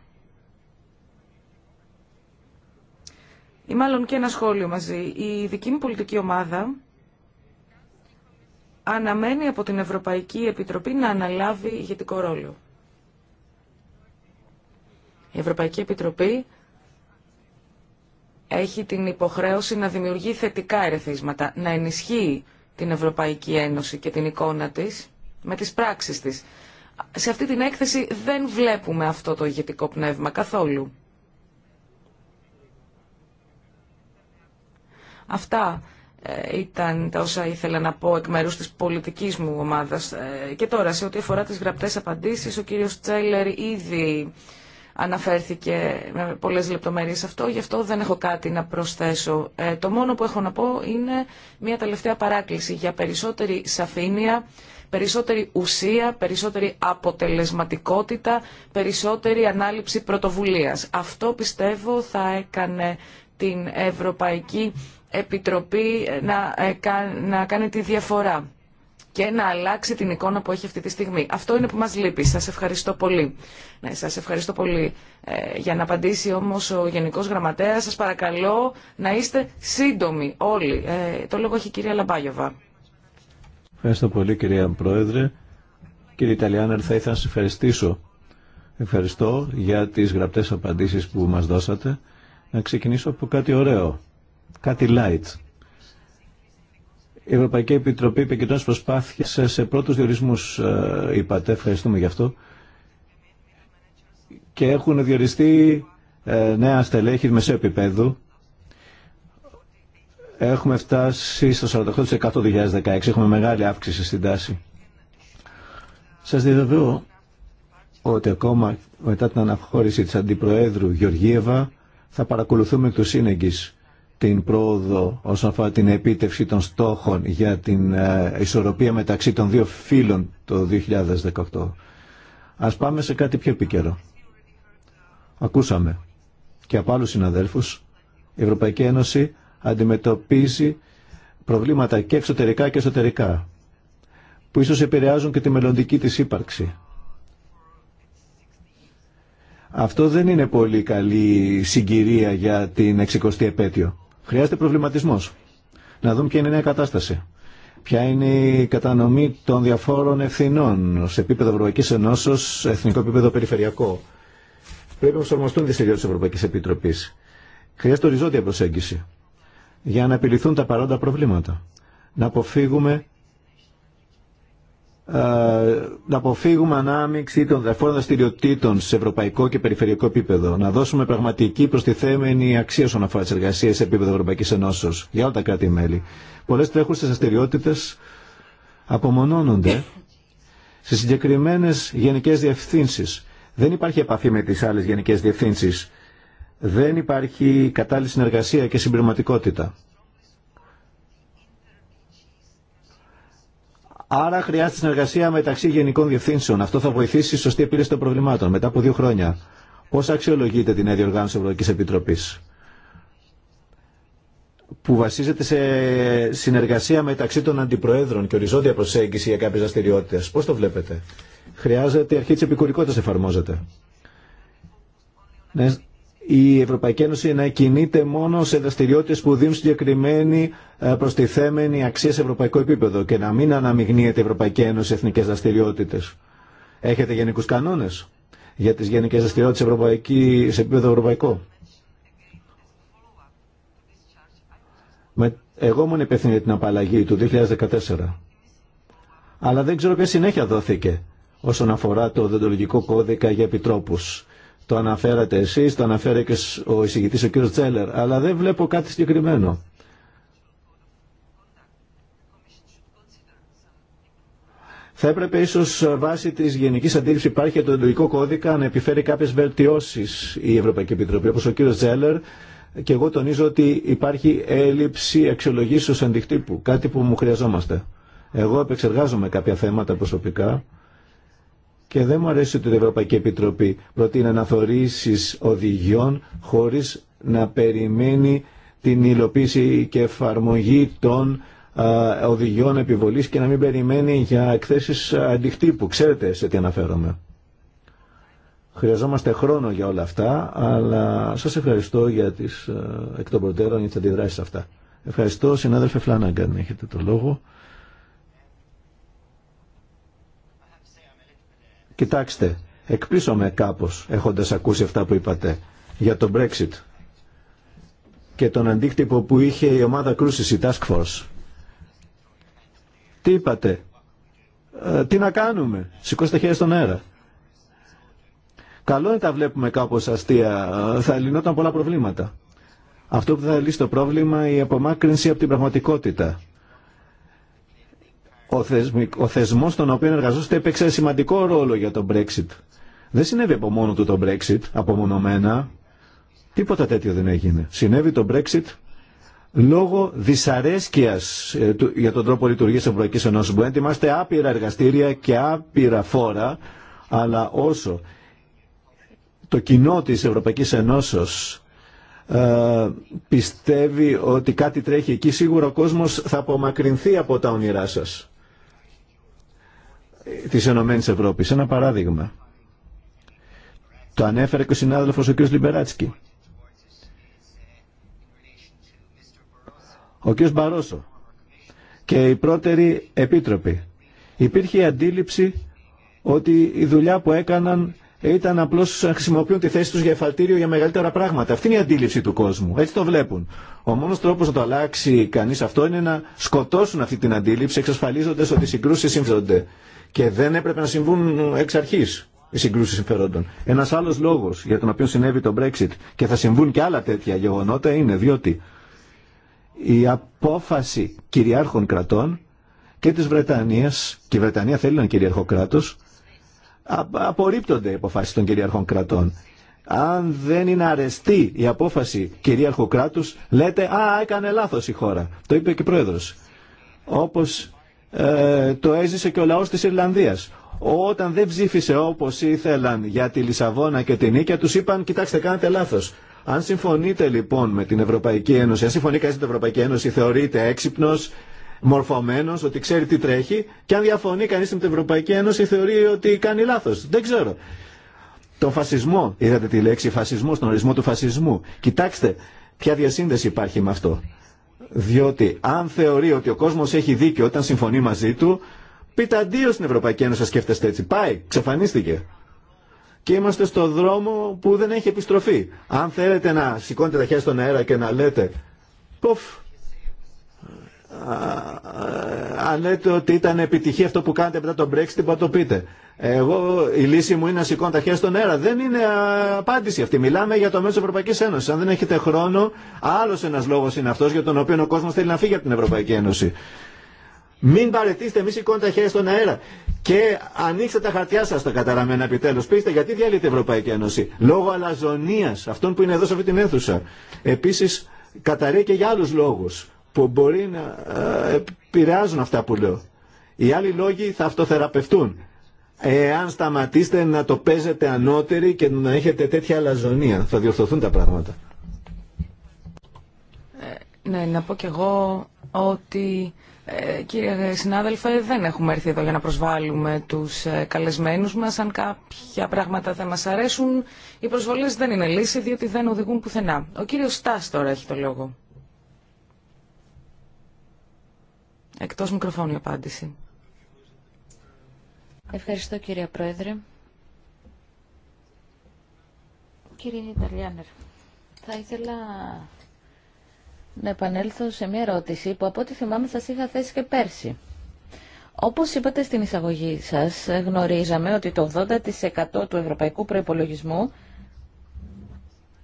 Ή μάλλον και ένα σχόλιο μαζί. Η δική μου πολιτική ομάδα αναμένει από την Ευρωπαϊκή Επιτροπή να αναλάβει ηγετικό ρόλο. Η Ευρωπαϊκή Επιτροπή έχει την υποχρέωση να δημιουργεί θετικά ερεθίσματα, να ενισχύει την Ευρωπαϊκή Ένωση και την εικόνα της με τις πράξεις της. Σε αυτή την έκθεση δεν βλέπουμε αυτό το ηγετικό πνεύμα καθόλου. Αυτά ε, ήταν τα όσα ήθελα να πω εκ μέρους της πολιτικής μου ομάδας. Ε, και τώρα, σε ό,τι αφορά τις γραπτές απαντήσεις, ο κύριος Τσέλερ ήδη αναφέρθηκε με πολλές λεπτομέρειες αυτό, γι' αυτό δεν έχω κάτι να προσθέσω. Ε, το μόνο που έχω να πω είναι μια τελευταία παράκληση για περισσότερη σαφήνεια, περισσότερη ουσία, περισσότερη αποτελεσματικότητα, περισσότερη ανάληψη πρωτοβουλίας. Αυτό πιστεύω θα έκανε την Ευρωπαϊκή Επιτροπή να, ε, να κάνει τη διαφορά και να αλλάξει την εικόνα που έχει αυτή τη στιγμή. Αυτό είναι που μας λείπει. Σας ευχαριστώ πολύ. Ναι, σας ευχαριστώ πολύ. Ε, για να απαντήσει όμως ο Γενικός Γραμματέας, σας παρακαλώ να είστε σύντομοι όλοι. Ε, το λόγο έχει η κυρία Λαμπάγιοβα. Ευχαριστώ πολύ κυρία Πρόεδρε. Κύριε Ιταλιάνερ, θα ήθελα να σας ευχαριστήσω. Ευχαριστώ για τις γραπτές απαντήσεις που μας δώσατε. Να ξεκινήσω από κάτι ωραίο, κάτι light η Ευρωπαϊκή Επιτροπή επικεντρώνει προσπάθειε σε πρώτου διορισμού, ε, είπατε. Ευχαριστούμε γι' αυτό. Και έχουν διοριστεί ε, νέα στελέχη μεσαίου επίπεδου. Έχουμε φτάσει στο 48% το 2016. Έχουμε μεγάλη αύξηση στην τάση. Σας διαβεβαιώ ότι ακόμα μετά την αναχώρηση της Αντιπροέδρου Γεωργίευα θα παρακολουθούμε εκ του σύνεγγυς την πρόοδο όσον αφορά την επίτευξη των στόχων για την ε, ισορροπία μεταξύ των δύο φύλων το 2018. Ας πάμε σε κάτι πιο επίκαιρο. Ακούσαμε και από άλλους συναδέλφους η Ευρωπαϊκή Ένωση αντιμετωπίζει προβλήματα και εξωτερικά και εσωτερικά που ίσως επηρεάζουν και τη μελλοντική της ύπαρξη. Αυτό δεν είναι πολύ καλή συγκυρία για την 60η επέτειο. Χρειάζεται προβληματισμό. Να δούμε ποια είναι η νέα κατάσταση. Ποια είναι η κατανομή των διαφόρων ευθυνών σε επίπεδο Ευρωπαϊκή Ενώσεω, εθνικό επίπεδο περιφερειακό. Πρέπει να προσαρμοστούν οι δυστυχίε τη Ευρωπαϊκή Επιτροπή. Χρειάζεται οριζόντια προσέγγιση για να επιληθούν τα παρόντα προβλήματα. Να αποφύγουμε ε, να αποφύγουμε ανάμειξη των διαφόρων δραστηριοτήτων σε ευρωπαϊκό και περιφερειακό επίπεδο. Να δώσουμε πραγματική προστιθέμενη αξία όσον αφορά τι εργασίε σε επίπεδο Ευρωπαϊκή Ενώσεω για όλα τα κράτη-μέλη. Πολλέ τρέχουσε δραστηριότητε απομονώνονται σε συγκεκριμένε γενικέ διευθύνσει. Δεν υπάρχει επαφή με τι άλλε γενικέ διευθύνσει. Δεν υπάρχει κατάλληλη συνεργασία και συμπληρωματικότητα. Άρα χρειάζεται συνεργασία μεταξύ γενικών διευθύνσεων. Αυτό θα βοηθήσει στη σωστή επίλυση των προβλημάτων. Μετά από δύο χρόνια, πώ αξιολογείτε την νέα οργάνωση Ευρωπαϊκή Επιτροπή, που βασίζεται σε συνεργασία μεταξύ των αντιπροέδρων και οριζόντια προσέγγιση για κάποιε δραστηριότητε. Πώ το βλέπετε, Χρειάζεται η αρχή τη επικουρικότητα εφαρμόζεται. Ναι, η Ευρωπαϊκή Ένωση να κινείται μόνο σε δραστηριότητε που δίνουν συγκεκριμένη ε, προστιθέμενη αξία σε ευρωπαϊκό επίπεδο και να μην αναμειγνύεται η Ευρωπαϊκή Ένωση σε εθνικέ δραστηριότητε. Έχετε γενικού κανόνε για τι γενικέ δραστηριότητε σε επίπεδο ευρωπαϊκό. Εγώ ήμουν υπεύθυνη για την απαλλαγή του 2014. Αλλά δεν ξέρω ποια συνέχεια δόθηκε όσον αφορά το δεντολογικό κώδικα για επιτρόπους το αναφέρατε εσείς, το αναφέρε και ο εισηγητής ο κ. Τσέλερ, αλλά δεν βλέπω κάτι συγκεκριμένο. Θα έπρεπε ίσω ε, βάσει τη γενική αντίληψη υπάρχει για το εντολικό κώδικα να επιφέρει κάποιε βελτιώσει η Ευρωπαϊκή Επιτροπή. Όπω ο κ. Τζέλερ, και εγώ τονίζω ότι υπάρχει έλλειψη αξιολογήσεω αντικτύπου. Κάτι που μου χρειαζόμαστε. Εγώ επεξεργάζομαι κάποια θέματα προσωπικά και δεν μου αρέσει ότι η Ευρωπαϊκή Επιτροπή προτείνει αναθωρήσει οδηγιών χωρίς να περιμένει την υλοποίηση και εφαρμογή των οδηγιών επιβολής και να μην περιμένει για εκθέσεις αντιχτύπου. Ξέρετε σε τι αναφέρομαι. Χρειαζόμαστε χρόνο για όλα αυτά, αλλά σας ευχαριστώ για τις ε, εκ των προτέρων για τις αντιδράσεις αυτά. Ευχαριστώ, συνάδελφε Φλάνναγκαν, έχετε το λόγο. Κοιτάξτε, εκπλήσω με κάπως έχοντας ακούσει αυτά που είπατε για το Brexit και τον αντίκτυπο που είχε η ομάδα κρούσης, η Task Force. Τι είπατε, ε, τι να κάνουμε, σηκώστε χέρια στον αέρα. Καλό είναι τα βλέπουμε κάπως αστεία, ε, θα λυνόταν πολλά προβλήματα. Αυτό που θα λύσει το πρόβλημα η απομάκρυνση από την πραγματικότητα ο, θεσμός στον οποίο εργαζόστε έπαιξε σημαντικό ρόλο για το Brexit. Δεν συνέβη από μόνο του το Brexit, απομονωμένα. Τίποτα τέτοιο δεν έγινε. Συνέβη το Brexit λόγω δυσαρέσκειας ε, για τον τρόπο λειτουργίας της Ευρωπαϊκής Ενώσης. Μπορεί να άπειρα εργαστήρια και άπειρα φόρα, αλλά όσο το κοινό της Ευρωπαϊκής Ενώσης ε, πιστεύει ότι κάτι τρέχει εκεί, σίγουρα ο κόσμος θα απομακρυνθεί από τα όνειρά σας της Ενωμένης ΕΕ. Ευρώπης. Ένα παράδειγμα. Το ανέφερε και ο συνάδελφος ο κ. Λιμπεράτσκι. Ο κ. Μπαρόσο και οι πρώτεροι επίτροποι. Υπήρχε η αντίληψη ότι η δουλειά που έκαναν ήταν απλώ να χρησιμοποιούν τη θέση του για εφαλτήριο για μεγαλύτερα πράγματα. Αυτή είναι η αντίληψη του κόσμου. Έτσι το βλέπουν. Ο μόνο τρόπο να το αλλάξει κανεί αυτό είναι να σκοτώσουν αυτή την αντίληψη εξασφαλίζοντα ότι οι συγκρούσει συμφέρονται. Και δεν έπρεπε να συμβούν εξ αρχή οι συγκρούσει συμφερόντων. Ένα άλλο λόγο για τον οποίο συνέβη το Brexit και θα συμβούν και άλλα τέτοια γεγονότα είναι διότι η απόφαση κυριάρχων κρατών και τη Βρετανία και η Βρετανία θέλει να είναι κυριαρχό κράτο απορρίπτονται οι αποφάσει των κυριαρχών κρατών. Αν δεν είναι αρεστή η απόφαση κυρίαρχου κράτου, λέτε Α, έκανε λάθο η χώρα. Το είπε και η πρόεδρο. Όπω ε, το έζησε και ο λαό τη Ιρλανδία. Όταν δεν ψήφισε όπω ήθελαν για τη Λισαβόνα και την Νίκαια, του είπαν Κοιτάξτε, κάνετε λάθο. Αν συμφωνείτε λοιπόν με την Ευρωπαϊκή Ένωση, αν συμφωνεί κανεί με την Ευρωπαϊκή Ένωση, θεωρείται έξυπνο, μορφωμένο, ότι ξέρει τι τρέχει και αν διαφωνεί κανεί με την Ευρωπαϊκή Ένωση θεωρεί ότι κάνει λάθο. Δεν ξέρω. Τον φασισμό, είδατε τη λέξη φασισμό, τον ορισμό του φασισμού. Κοιτάξτε ποια διασύνδεση υπάρχει με αυτό. Διότι αν θεωρεί ότι ο κόσμο έχει δίκιο όταν συμφωνεί μαζί του, πείτε αντίο στην Ευρωπαϊκή Ένωση, σκέφτεστε έτσι. Πάει, ξεφανίστηκε. Και είμαστε στο δρόμο που δεν έχει επιστροφή. Αν θέλετε να σηκώνετε τα χέρια στον αέρα και να λέτε, ποφ, αν λέτε ότι ήταν επιτυχή αυτό που κάνετε μετά τον Brexit, μπορείτε το πείτε. Εγώ, η λύση μου είναι να σηκώνω τα χέρια στον αέρα. Δεν είναι απάντηση αυτή. Μιλάμε για το μέσο τη Ευρωπαϊκή Ένωση. Αν δεν έχετε χρόνο, άλλο ένα λόγο είναι αυτό για τον οποίο ο κόσμο θέλει να φύγει από την Ευρωπαϊκή Ένωση. Μην παρετήσετε, μην σηκώνετε τα χέρια στον αέρα. Και ανοίξτε τα χαρτιά σα τα καταραμένα επιτέλου. Πείστε γιατί διαλύεται η Ευρωπαϊκή Ένωση. Λόγω αλαζονία αυτών που είναι εδώ σε αυτή την αίθουσα. Επίση, καταραίει και για άλλου λόγου που μπορεί να ε, επηρεάζουν αυτά που λέω. Οι άλλοι λόγοι θα αυτοθεραπευτούν. Εάν σταματήσετε να το παίζετε ανώτεροι και να έχετε τέτοια αλαζονία, θα διορθωθούν τα πράγματα. Ε, ναι, να πω κι εγώ ότι, ε, κύριε συνάδελφε, δεν έχουμε έρθει εδώ για να προσβάλλουμε τους ε, καλεσμένους μας. Αν κάποια πράγματα δεν μας αρέσουν, οι προσβολές δεν είναι λύση, διότι δεν οδηγούν πουθενά. Ο κύριος Στάς τώρα έχει το λόγο. Εκτός μικροφώνου απάντηση. Ευχαριστώ κύριε Πρόεδρε. Κύριε Ιταλιάνερ, θα ήθελα να επανέλθω σε μια ερώτηση που από ό,τι θυμάμαι σας είχα θέσει και πέρσι. Όπως είπατε στην εισαγωγή σας, γνωρίζαμε ότι το 80% του ευρωπαϊκού προϋπολογισμού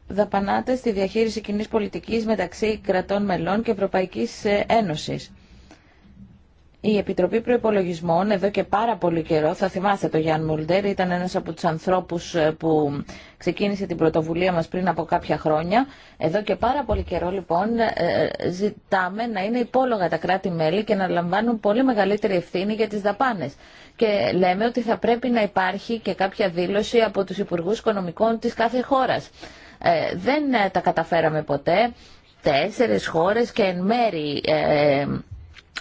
δαπανάται στη διαχείριση κοινής πολιτικής μεταξύ κρατών μελών και Ευρωπαϊκής Ένωσης η Επιτροπή Προπολογισμών εδώ και πάρα πολύ καιρό, θα θυμάστε το Γιάνν Μουλντέρ, ήταν ένας από τους ανθρώπους ε, που ξεκίνησε την πρωτοβουλία μας πριν από κάποια χρόνια. Εδώ και πάρα πολύ καιρό λοιπόν ε, ε, ζητάμε να είναι υπόλογα τα κράτη-μέλη και να λαμβάνουν πολύ μεγαλύτερη ευθύνη για τις δαπάνες. Και λέμε ότι θα πρέπει να υπάρχει και κάποια δήλωση από τους Υπουργούς Οικονομικών της κάθε χώρας. δεν τα καταφέραμε ποτέ. τέσσερι χώρες και εν μέρη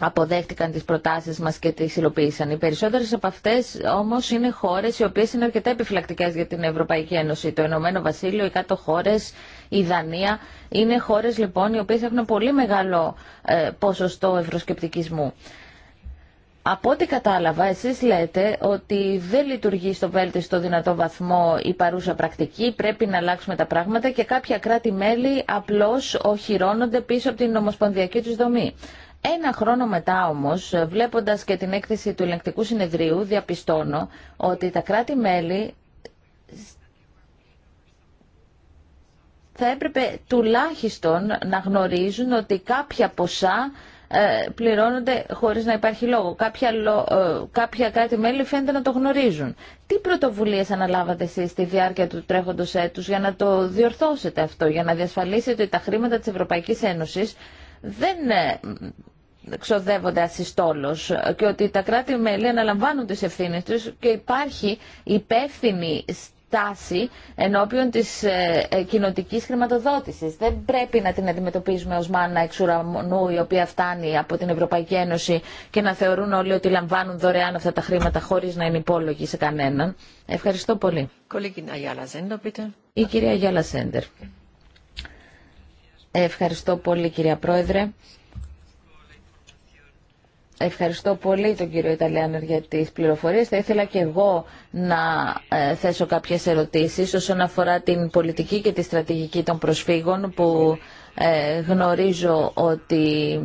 αποδέχτηκαν τις προτάσεις μας και τις υλοποίησαν. Οι περισσότερες από αυτές όμως είναι χώρες οι οποίες είναι αρκετά επιφυλακτικές για την Ευρωπαϊκή Ένωση. Το Ενωμένο Βασίλειο, οι κάτω χώρες, η Δανία είναι χώρες λοιπόν οι οποίες έχουν πολύ μεγάλο ε, ποσοστό ευρωσκεπτικισμού. Από ό,τι κατάλαβα, εσείς λέτε ότι δεν λειτουργεί στο βέλτιστο δυνατό βαθμό η παρούσα πρακτική, πρέπει να αλλάξουμε τα πράγματα και κάποια κράτη-μέλη απλώ οχυρώνονται πίσω από την ομοσπονδιακή του δομή. Ένα χρόνο μετά όμως, βλέποντας και την έκθεση του ελεγκτικού συνεδρίου, διαπιστώνω ότι τα κράτη-μέλη θα έπρεπε τουλάχιστον να γνωρίζουν ότι κάποια ποσά ε, πληρώνονται χωρίς να υπάρχει λόγο. Κάποια, ε, κάποια κράτη-μέλη φαίνεται να το γνωρίζουν. Τι πρωτοβουλίες αναλάβατε εσείς στη διάρκεια του τρέχοντος έτους για να το διορθώσετε αυτό, για να διασφαλίσετε ότι τα χρήματα της Ευρωπαϊκής Ένωσης δεν ε, ξοδεύονται ασυστόλως και ότι τα κράτη-μέλη αναλαμβάνουν τις ευθύνες τους και υπάρχει υπεύθυνη στάση ενώπιον της ε, ε, κοινοτική χρηματοδότησης. Δεν πρέπει να την αντιμετωπίζουμε ως μάνα εξ η οποία φτάνει από την Ευρωπαϊκή Ένωση και να θεωρούν όλοι ότι λαμβάνουν δωρεάν αυτά τα χρήματα χωρίς να είναι υπόλογοι σε κανέναν. Ευχαριστώ πολύ. Η κυρία Γιάλα Σέντερ. Ευχαριστώ πολύ κυρία Πρόεδρε. Ευχαριστώ πολύ τον κύριο Ιταλιάνο για τις πληροφορίες. Θα ήθελα και εγώ να ε, θέσω κάποιες ερωτήσεις όσον αφορά την πολιτική και τη στρατηγική των προσφύγων που ε, γνωρίζω ότι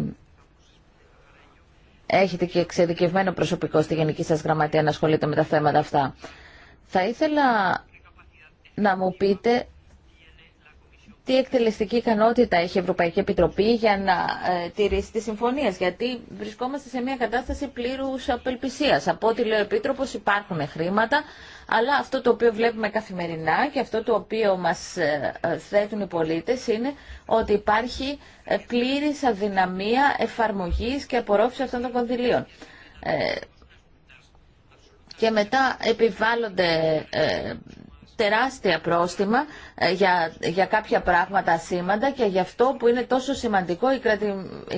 έχετε και εξειδικευμένο προσωπικό στη Γενική σας Γραμματεία να ασχολείται με τα θέματα αυτά. Θα ήθελα να μου πείτε τι εκτελεστική ικανότητα έχει η Ευρωπαϊκή Επιτροπή για να ε, τηρήσει τις συμφωνίες. Γιατί βρισκόμαστε σε μια κατάσταση πλήρους απελπισίας. Από ό,τι λέει ο Επίτροπος υπάρχουν χρήματα, αλλά αυτό το οποίο βλέπουμε καθημερινά και αυτό το οποίο μας ε, ε, θέτουν οι πολίτες είναι ότι υπάρχει ε, πλήρης αδυναμία εφαρμογής και απορρόφησης αυτών των κονδυλίων. και μετά επιβάλλονται ε, τεράστια πρόστιμα ε, για, για κάποια πράγματα σήμαντα και γι' αυτό που είναι τόσο σημαντικό η,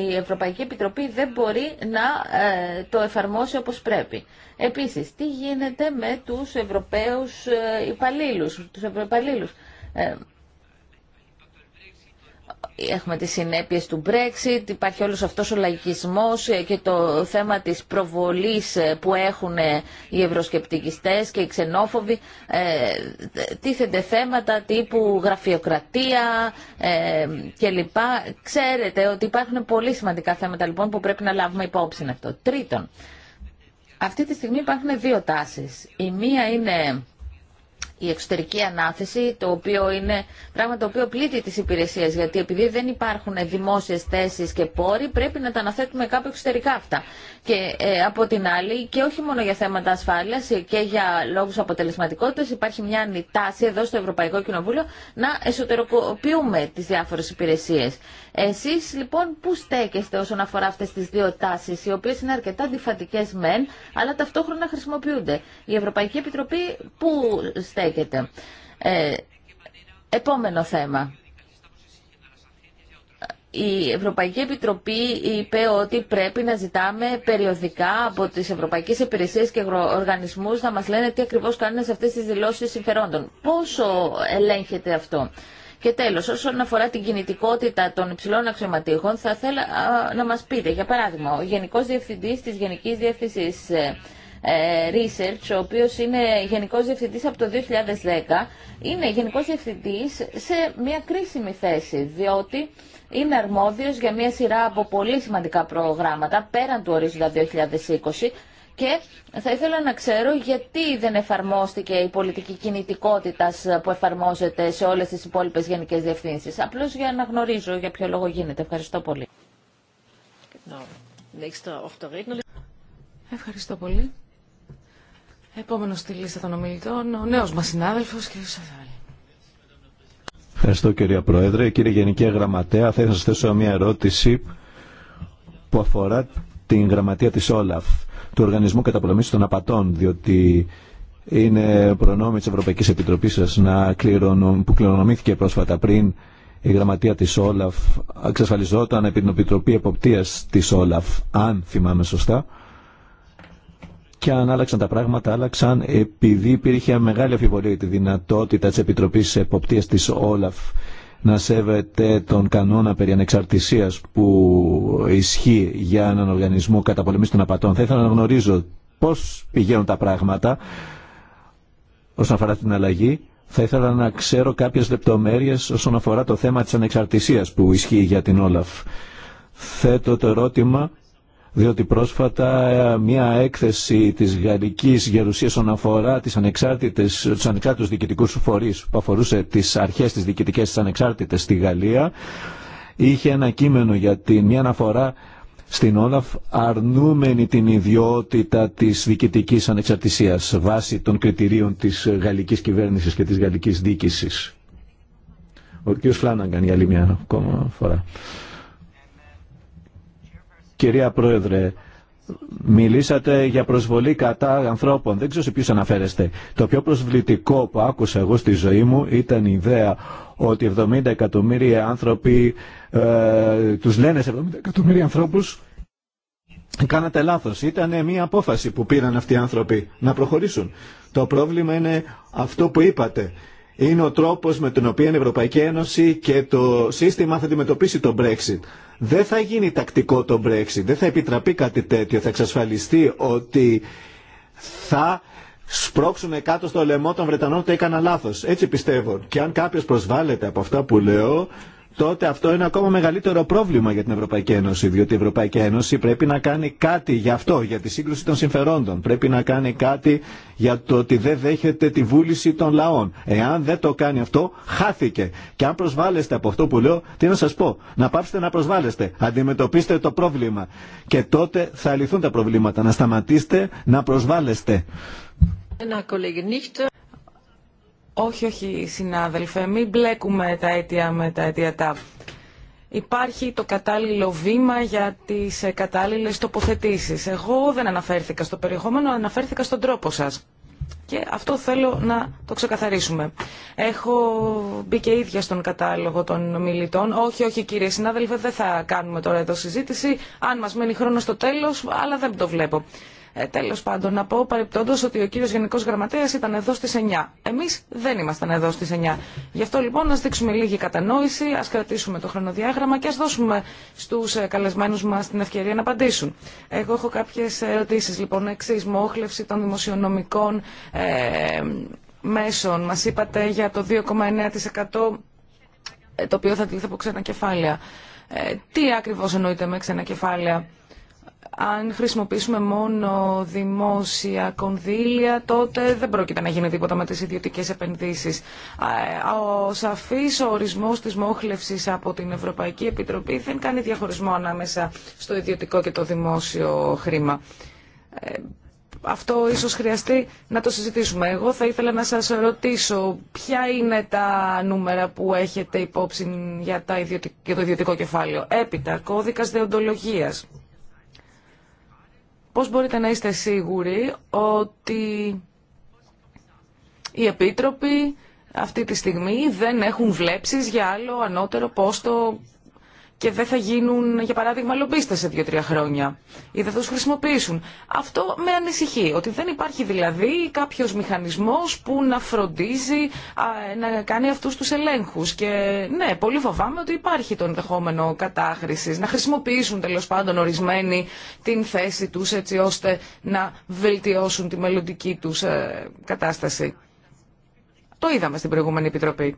η Ευρωπαϊκή Επιτροπή δεν μπορεί να ε, το εφαρμόσει όπως πρέπει. Επίσης, τι γίνεται με τους Ευρωπαίους ε, υπαλλήλους, τους Ε, έχουμε τις συνέπειες του Brexit, υπάρχει όλος αυτός ο λαϊκισμός και το θέμα της προβολής που έχουν οι ευρωσκεπτικιστές και οι ξενόφοβοι. Ε, τίθενται θέματα τύπου γραφειοκρατία ε, κλπ. Ξέρετε ότι υπάρχουν πολύ σημαντικά θέματα λοιπόν που πρέπει να λάβουμε υπόψη αυτό. Τρίτον, αυτή τη στιγμή υπάρχουν δύο τάσεις. Η μία είναι η εξωτερική ανάθεση, το οποίο είναι πράγμα το οποίο πλήττει τις υπηρεσίες, γιατί επειδή δεν υπάρχουν δημόσιες θέσεις και πόροι, πρέπει να τα αναθέτουμε κάπου εξωτερικά αυτά. Και ε, από την άλλη, και όχι μόνο για θέματα ασφάλεια ε, και για λόγου αποτελεσματικότητα, υπάρχει μια τάση εδώ στο Ευρωπαϊκό Κοινοβούλιο να εσωτεροποιούμε τι διάφορε υπηρεσίε. Εσεί λοιπόν πού στέκεστε όσον αφορά αυτέ τι δύο τάσει, οι οποίε είναι αρκετά αντιφατικέ μεν, αλλά ταυτόχρονα χρησιμοποιούνται. Η Ευρωπαϊκή Επιτροπή πού στέκεται. Ε, επόμενο θέμα η Ευρωπαϊκή Επιτροπή είπε ότι πρέπει να ζητάμε περιοδικά από τις Ευρωπαϊκές Υπηρεσίες και Οργανισμούς να μας λένε τι ακριβώς κάνουν σε αυτές τις δηλώσεις συμφερόντων. Πόσο ελέγχεται αυτό. Και τέλος, όσον αφορά την κινητικότητα των υψηλών αξιωματήχων, θα ήθελα να μας πείτε, για παράδειγμα, ο Γενικός Διευθυντής της Γενικής Διεύθυνσης ε, ε, Research, ο οποίος είναι Γενικός Διευθυντής από το 2010, είναι Γενικός Διευθυντής σε μια κρίσιμη θέση, διότι είναι αρμόδιος για μια σειρά από πολύ σημαντικά προγράμματα πέραν του ορίζοντα 2020 και θα ήθελα να ξέρω γιατί δεν εφαρμόστηκε η πολιτική κινητικότητα που εφαρμόζεται σε όλε τι υπόλοιπε γενικέ διευθύνσει. Απλώ για να γνωρίζω για ποιο λόγο γίνεται. Ευχαριστώ πολύ. Ευχαριστώ πολύ. Επόμενο στη λίστα των ομιλητών, ο νέο μα συνάδελφο, κ. Σαφάλη. Ευχαριστώ κύριε Πρόεδρε. Κύριε Γενική Γραμματέα, θα ήθελα να σας θέσω μια ερώτηση που αφορά την γραμματεία της Όλαφ, του Οργανισμού Καταπολεμής των Απατών, διότι είναι προνόμη της Ευρωπαϊκής Επιτροπής σας να που κληρονομήθηκε πρόσφατα πριν η γραμματεία της Όλαφ εξασφαλιζόταν επί την Επιτροπή Εποπτείας της Όλαφ, αν θυμάμαι σωστά και αν άλλαξαν τα πράγματα, άλλαξαν επειδή υπήρχε μεγάλη αφιβολία για τη δυνατότητα τη Επιτροπής Εποπτείας τη Όλαφ να σέβεται τον κανόνα περί ανεξαρτησίας που ισχύει για έναν οργανισμό κατά των απατών. Θα ήθελα να γνωρίζω πώς πηγαίνουν τα πράγματα όσον αφορά την αλλαγή. Θα ήθελα να ξέρω κάποιες λεπτομέρειες όσον αφορά το θέμα της ανεξαρτησίας που ισχύει για την Όλαφ. Θέτω το ερώτημα διότι πρόσφατα ε, μια έκθεση της Γαλλικής Γερουσίας όσον αφορά τις ανεξάρτητες, τους ανεξάρτητους διοικητικούς φορείς που αφορούσε τις αρχές της διοικητικές της ανεξάρτητες στη Γαλλία είχε ένα κείμενο για την, μια αναφορά στην Όλαφ αρνούμενη την ιδιότητα της διοικητικής ανεξαρτησίας βάσει των κριτηρίων της γαλλικής κυβέρνησης και της γαλλικής διοίκησης. Ο κ. Φλάνναγκαν για άλλη μια ακόμα φορά. Κυρία Πρόεδρε, μιλήσατε για προσβολή κατά ανθρώπων. Δεν ξέρω σε ποιους αναφέρεστε. Το πιο προσβλητικό που άκουσα εγώ στη ζωή μου ήταν η ιδέα ότι 70 εκατομμύρια άνθρωποι, ε, τους λένε 70 εκατομμύρια ανθρώπους, κάνατε λάθος. Ήταν μια απόφαση που πήραν αυτοί οι άνθρωποι να προχωρήσουν. Το πρόβλημα είναι αυτό που είπατε είναι ο τρόπος με τον οποίο η Ευρωπαϊκή Ένωση και το σύστημα θα αντιμετωπίσει το Brexit. Δεν θα γίνει τακτικό το Brexit, δεν θα επιτραπεί κάτι τέτοιο, θα εξασφαλιστεί ότι θα σπρώξουν κάτω στο λαιμό των Βρετανών ότι έκανα λάθο. Έτσι πιστεύω. Και αν κάποιος προσβάλλεται από αυτά που λέω, τότε αυτό είναι ακόμα μεγαλύτερο πρόβλημα για την Ευρωπαϊκή Ένωση, διότι η Ευρωπαϊκή Ένωση πρέπει να κάνει κάτι για αυτό, για τη σύγκρουση των συμφερόντων. Πρέπει να κάνει κάτι για το ότι δεν δέχεται τη βούληση των λαών. Εάν δεν το κάνει αυτό, χάθηκε. Και αν προσβάλλεστε από αυτό που λέω, τι να σας πω, να πάψετε να προσβάλλεστε, αντιμετωπίστε το πρόβλημα. Και τότε θα λυθούν τα προβλήματα, να σταματήσετε να προσβάλλεστε. Όχι, όχι, συνάδελφε, μην μπλέκουμε τα αίτια με τα αιτιατά. Υπάρχει το κατάλληλο βήμα για τις ε, κατάλληλες τοποθετήσεις. Εγώ δεν αναφέρθηκα στο περιεχόμενο, αναφέρθηκα στον τρόπο σας. Και αυτό θέλω να το ξεκαθαρίσουμε. Έχω μπει και ίδια στον κατάλογο των μιλητών. Όχι, όχι κύριε συνάδελφε, δεν θα κάνουμε τώρα εδώ συζήτηση. Αν μας μένει χρόνο στο τέλος, αλλά δεν το βλέπω. Ε, Τέλο πάντων, να πω παρεπτόντω ότι ο κύριο Γενικό Γραμματέα ήταν εδώ στι 9. Εμεί δεν ήμασταν εδώ στι 9. Γι' αυτό λοιπόν α δείξουμε λίγη κατανόηση, α κρατήσουμε το χρονοδιάγραμμα και α δώσουμε στου ε, καλεσμένου μα την ευκαιρία να απαντήσουν. Εγώ έχω κάποιε ερωτήσει λοιπόν. Εξή, μόχλευση των δημοσιονομικών ε, μέσων. Μα είπατε για το 2,9% ε, το οποίο θα τλήθει από ξένα κεφάλαια. Ε, τι ακριβώ εννοείται με ξένα κεφάλαια αν χρησιμοποιήσουμε μόνο δημόσια κονδύλια, τότε δεν πρόκειται να γίνει τίποτα με τις ιδιωτικές επενδύσεις. Ε, ο σαφής ορισμός της μόχλευσης από την Ευρωπαϊκή Επιτροπή δεν κάνει διαχωρισμό ανάμεσα στο ιδιωτικό και το δημόσιο χρήμα. Ε, αυτό ίσως χρειαστεί να το συζητήσουμε. Εγώ θα ήθελα να σας ρωτήσω ποια είναι τα νούμερα που έχετε υπόψη για το ιδιωτικό κεφάλαιο. Έπειτα, κώδικας δεοντολογίας πώς μπορείτε να είστε σίγουροι ότι οι επίτροποι αυτή τη στιγμή δεν έχουν βλέψεις για άλλο ανώτερο πόστο και δεν θα γίνουν, για παράδειγμα, λομπίστε σε δύο-τρία χρόνια ή δεν θα του χρησιμοποιήσουν. Αυτό με ανησυχεί, ότι δεν υπάρχει δηλαδή κάποιος μηχανισμός που να φροντίζει να κάνει αυτού τους ελέγχους. Και ναι, πολύ φοβάμαι ότι υπάρχει το ενδεχόμενο κατάχρηση, να χρησιμοποιήσουν τέλο πάντων ορισμένοι την θέση τους έτσι ώστε να βελτιώσουν τη μελλοντική τους ε, κατάσταση. Το είδαμε στην προηγούμενη Επιτροπή.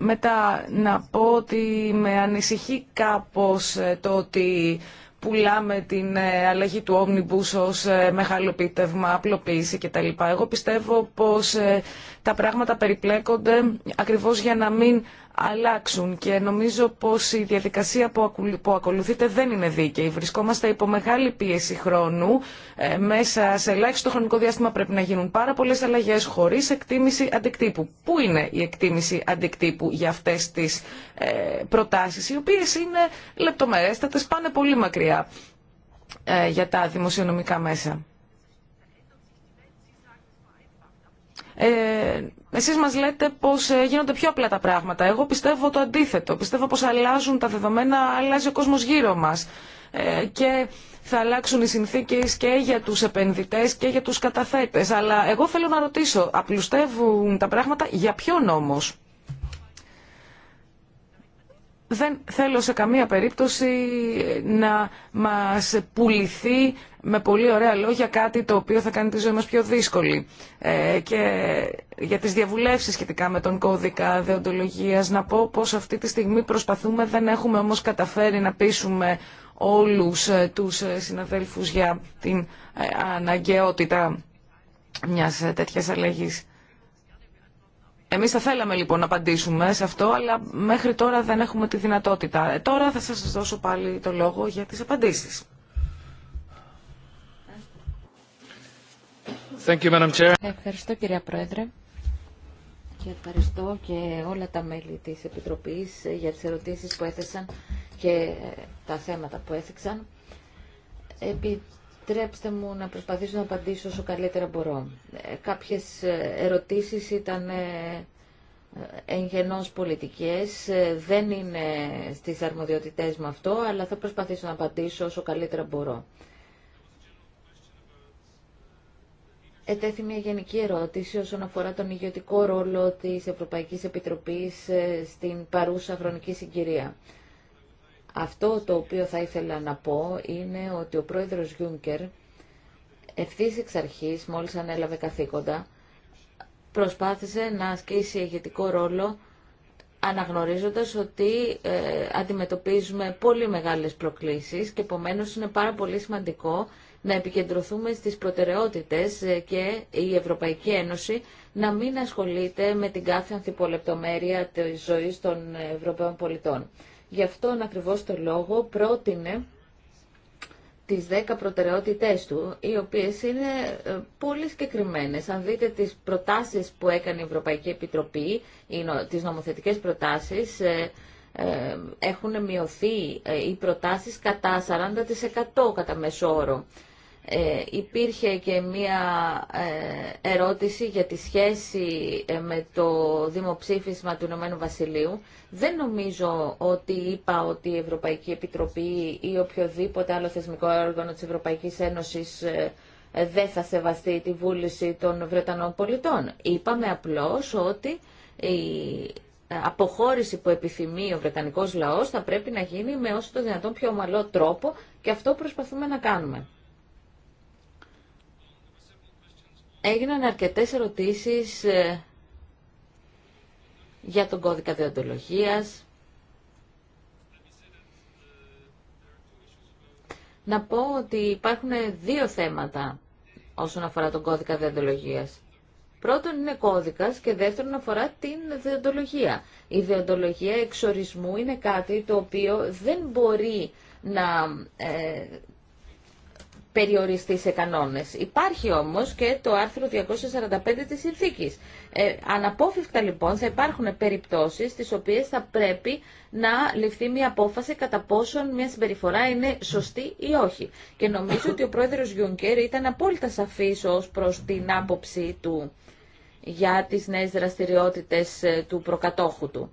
Μετά να πω ότι με ανησυχεί κάπως ε, το ότι πουλάμε την ε, αλλαγή του Omnibus ως ε, μεγάλο πίτευμα, απλοποίηση κτλ. Εγώ πιστεύω πως τα πράγματα περιπλέκονται ακριβώς για να μην αλλάξουν και νομίζω πως η διαδικασία που ακολουθείτε δεν είναι δίκαιη. Βρισκόμαστε υπό μεγάλη πίεση χρόνου. Ε, μέσα σε ελάχιστο χρονικό διάστημα πρέπει να γίνουν πάρα πολλές αλλαγές χωρίς εκτίμηση αντικτύπου. Πού είναι η εκτίμηση αντικτύπου για αυτές τις ε, προτάσεις οι οποίες είναι λεπτομερέστατες, πάνε πολύ μακριά ε, για τα δημοσιονομικά μέσα. Ε, εσείς μας λέτε πως ε, γίνονται πιο απλά τα πράγματα. Εγώ πιστεύω το αντίθετο. Πιστεύω πως αλλάζουν τα δεδομένα, αλλάζει ο κόσμος γύρω μας. Ε, και θα αλλάξουν οι συνθήκες και για τους επενδυτέ και για τους καταθέτε. Αλλά εγώ θέλω να ρωτήσω, απλουστεύουν τα πράγματα για ποιον όμως δεν θέλω σε καμία περίπτωση να μας πουληθεί με πολύ ωραία λόγια κάτι το οποίο θα κάνει τη ζωή μας πιο δύσκολη. Ε, και για τις διαβουλεύσεις σχετικά με τον κώδικα δεοντολογίας να πω πως αυτή τη στιγμή προσπαθούμε, δεν έχουμε όμως καταφέρει να πείσουμε όλους ε, τους ε, συναδέλφους για την αναγκαιότητα μιας τέτοιας αλλαγής. Εμείς θα θέλαμε λοιπόν να απαντήσουμε σε αυτό, αλλά μέχρι τώρα δεν έχουμε τη δυνατότητα. Ε, τώρα θα σας δώσω πάλι το λόγο για τις απαντήσεις. Thank you, Madam Chair. Ευχαριστώ κυρία Πρόεδρε και ευχαριστώ και όλα τα μέλη της Επιτροπής για τις ερωτήσεις που έθεσαν και τα θέματα που έθεξαν. Επί Επιτρέψτε μου να προσπαθήσω να απαντήσω όσο καλύτερα μπορώ. Ε, κάποιες ε, ερωτήσεις ήταν ε, εγγενώς πολιτικές, δεν είναι στις αρμοδιότητές μου αυτό, αλλά θα προσπαθήσω να απαντήσω όσο καλύτερα μπορώ. Ετέθη μια γενική ερώτηση όσον αφορά τον ιδιωτικό ρόλο της Ευρωπαϊκής Επιτροπής στην παρούσα χρονική συγκυρία. Αυτό το οποίο θα ήθελα να πω είναι ότι ο πρόεδρος Γιούνκερ ευθύς εξ αρχής, μόλις ανέλαβε καθήκοντα, προσπάθησε να ασκήσει ηγετικό ρόλο αναγνωρίζοντας ότι ε, αντιμετωπίζουμε πολύ μεγάλες προκλήσεις και επομένως είναι πάρα πολύ σημαντικό να επικεντρωθούμε στις προτεραιότητες ε, και η Ευρωπαϊκή Ένωση να μην ασχολείται με την κάθε ανθιπολεπτομέρεια της ζωής των Ευρωπαίων πολιτών. Γι' αυτόν ακριβώς το λόγο πρότεινε τις 10 προτεραιότητές του, οι οποίες είναι ε, πολύ συγκεκριμένε. Αν δείτε τις προτάσεις που έκανε η Ευρωπαϊκή Επιτροπή, τις νομοθετικές προτάσεις, ε, ε, έχουν μειωθεί οι προτάσεις κατά 40% κατά μέσο όρο. Ε, υπήρχε και μία ε, ερώτηση για τη σχέση ε, με το δημοψήφισμα του Ηνωμένου Βασιλείου. Δεν νομίζω ότι είπα ότι η Ευρωπαϊκή Επιτροπή ή οποιοδήποτε άλλο θεσμικό όργανο της Ευρωπαϊκής Ένωσης ε, δεν θα σεβαστεί τη βούληση των Βρετανών πολιτών. Είπαμε απλώς ότι η αποχώρηση που επιθυμεί ο Βρετανικός λαός θα πρέπει να γίνει με όσο το δυνατόν πιο ομαλό τρόπο και αυτό προσπαθούμε να κάνουμε. έγιναν αρκετές ερωτήσεις ε, για τον κώδικα διοντολογίας. Να πω ότι υπάρχουν δύο θέματα όσον αφορά τον κώδικα διοντολογίας. Πρώτον είναι κώδικας και δεύτερον αφορά την διοντολογία. Η διοντολογία εξορισμού είναι κάτι το οποίο δεν μπορεί να ε, περιοριστεί σε κανόνες. Υπάρχει όμως και το άρθρο 245 της συνθήκης. Ε, αναπόφευκτα λοιπόν θα υπάρχουν περιπτώσεις τις οποίες θα πρέπει να ληφθεί μια απόφαση κατά πόσον μια συμπεριφορά είναι σωστή ή όχι. Και νομίζω ότι ο πρόεδρος Γιούνκερ ήταν απόλυτα σαφής ως προς την άποψή του για τις νέες δραστηριότητες ε, του προκατόχου του.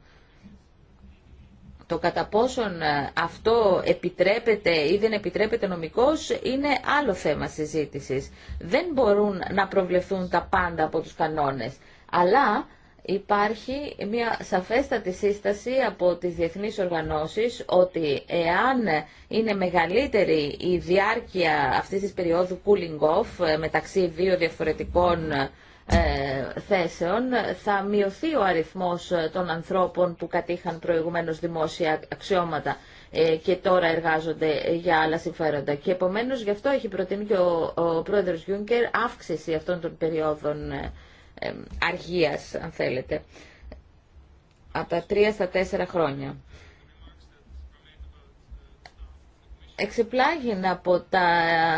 Το κατά πόσον ε, αυτό επιτρέπεται ή δεν επιτρέπεται νομικώς είναι άλλο θέμα συζήτησης. Δεν μπορούν να προβλεφθούν τα πάντα από τους κανόνες. Αλλά υπάρχει μια σαφέστατη σύσταση από τις διεθνείς οργανώσεις ότι εάν είναι μεγαλύτερη η διάρκεια αυτής της περίοδου cooling off ε, μεταξύ δύο διαφορετικών ε, ε, θέσεων θα μειωθεί ο αριθμός ε, των ανθρώπων που κατήχαν προηγουμένως δημόσια αξιώματα ε, και τώρα εργάζονται για άλλα συμφέροντα. Και επομένως γι' αυτό έχει προτείνει και ο, ο πρόεδρος Γιούνκερ αύξηση αυτών των περιόδων αργίας, αν θέλετε, από τα τρία στα τέσσερα χρόνια. εξεπλάγει από τα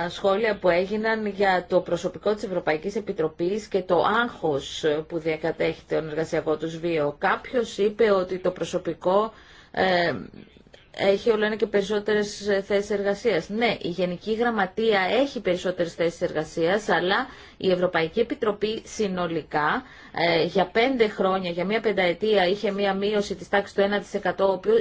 σχόλια που έγιναν για το προσωπικό της Ευρωπαϊκής Επιτροπής και το άγχος που διακατέχει τον εργασιακό τους βίο. Κάποιος είπε ότι το προσωπικό ε, έχει όλο ένα και περισσότερε ε, θέσει εργασία. Ναι, η Γενική Γραμματεία έχει περισσότερε θέσει εργασία, αλλά η Ευρωπαϊκή Επιτροπή συνολικά ε, για πέντε χρόνια, για μία πενταετία, είχε μία μείωση τη τάξη του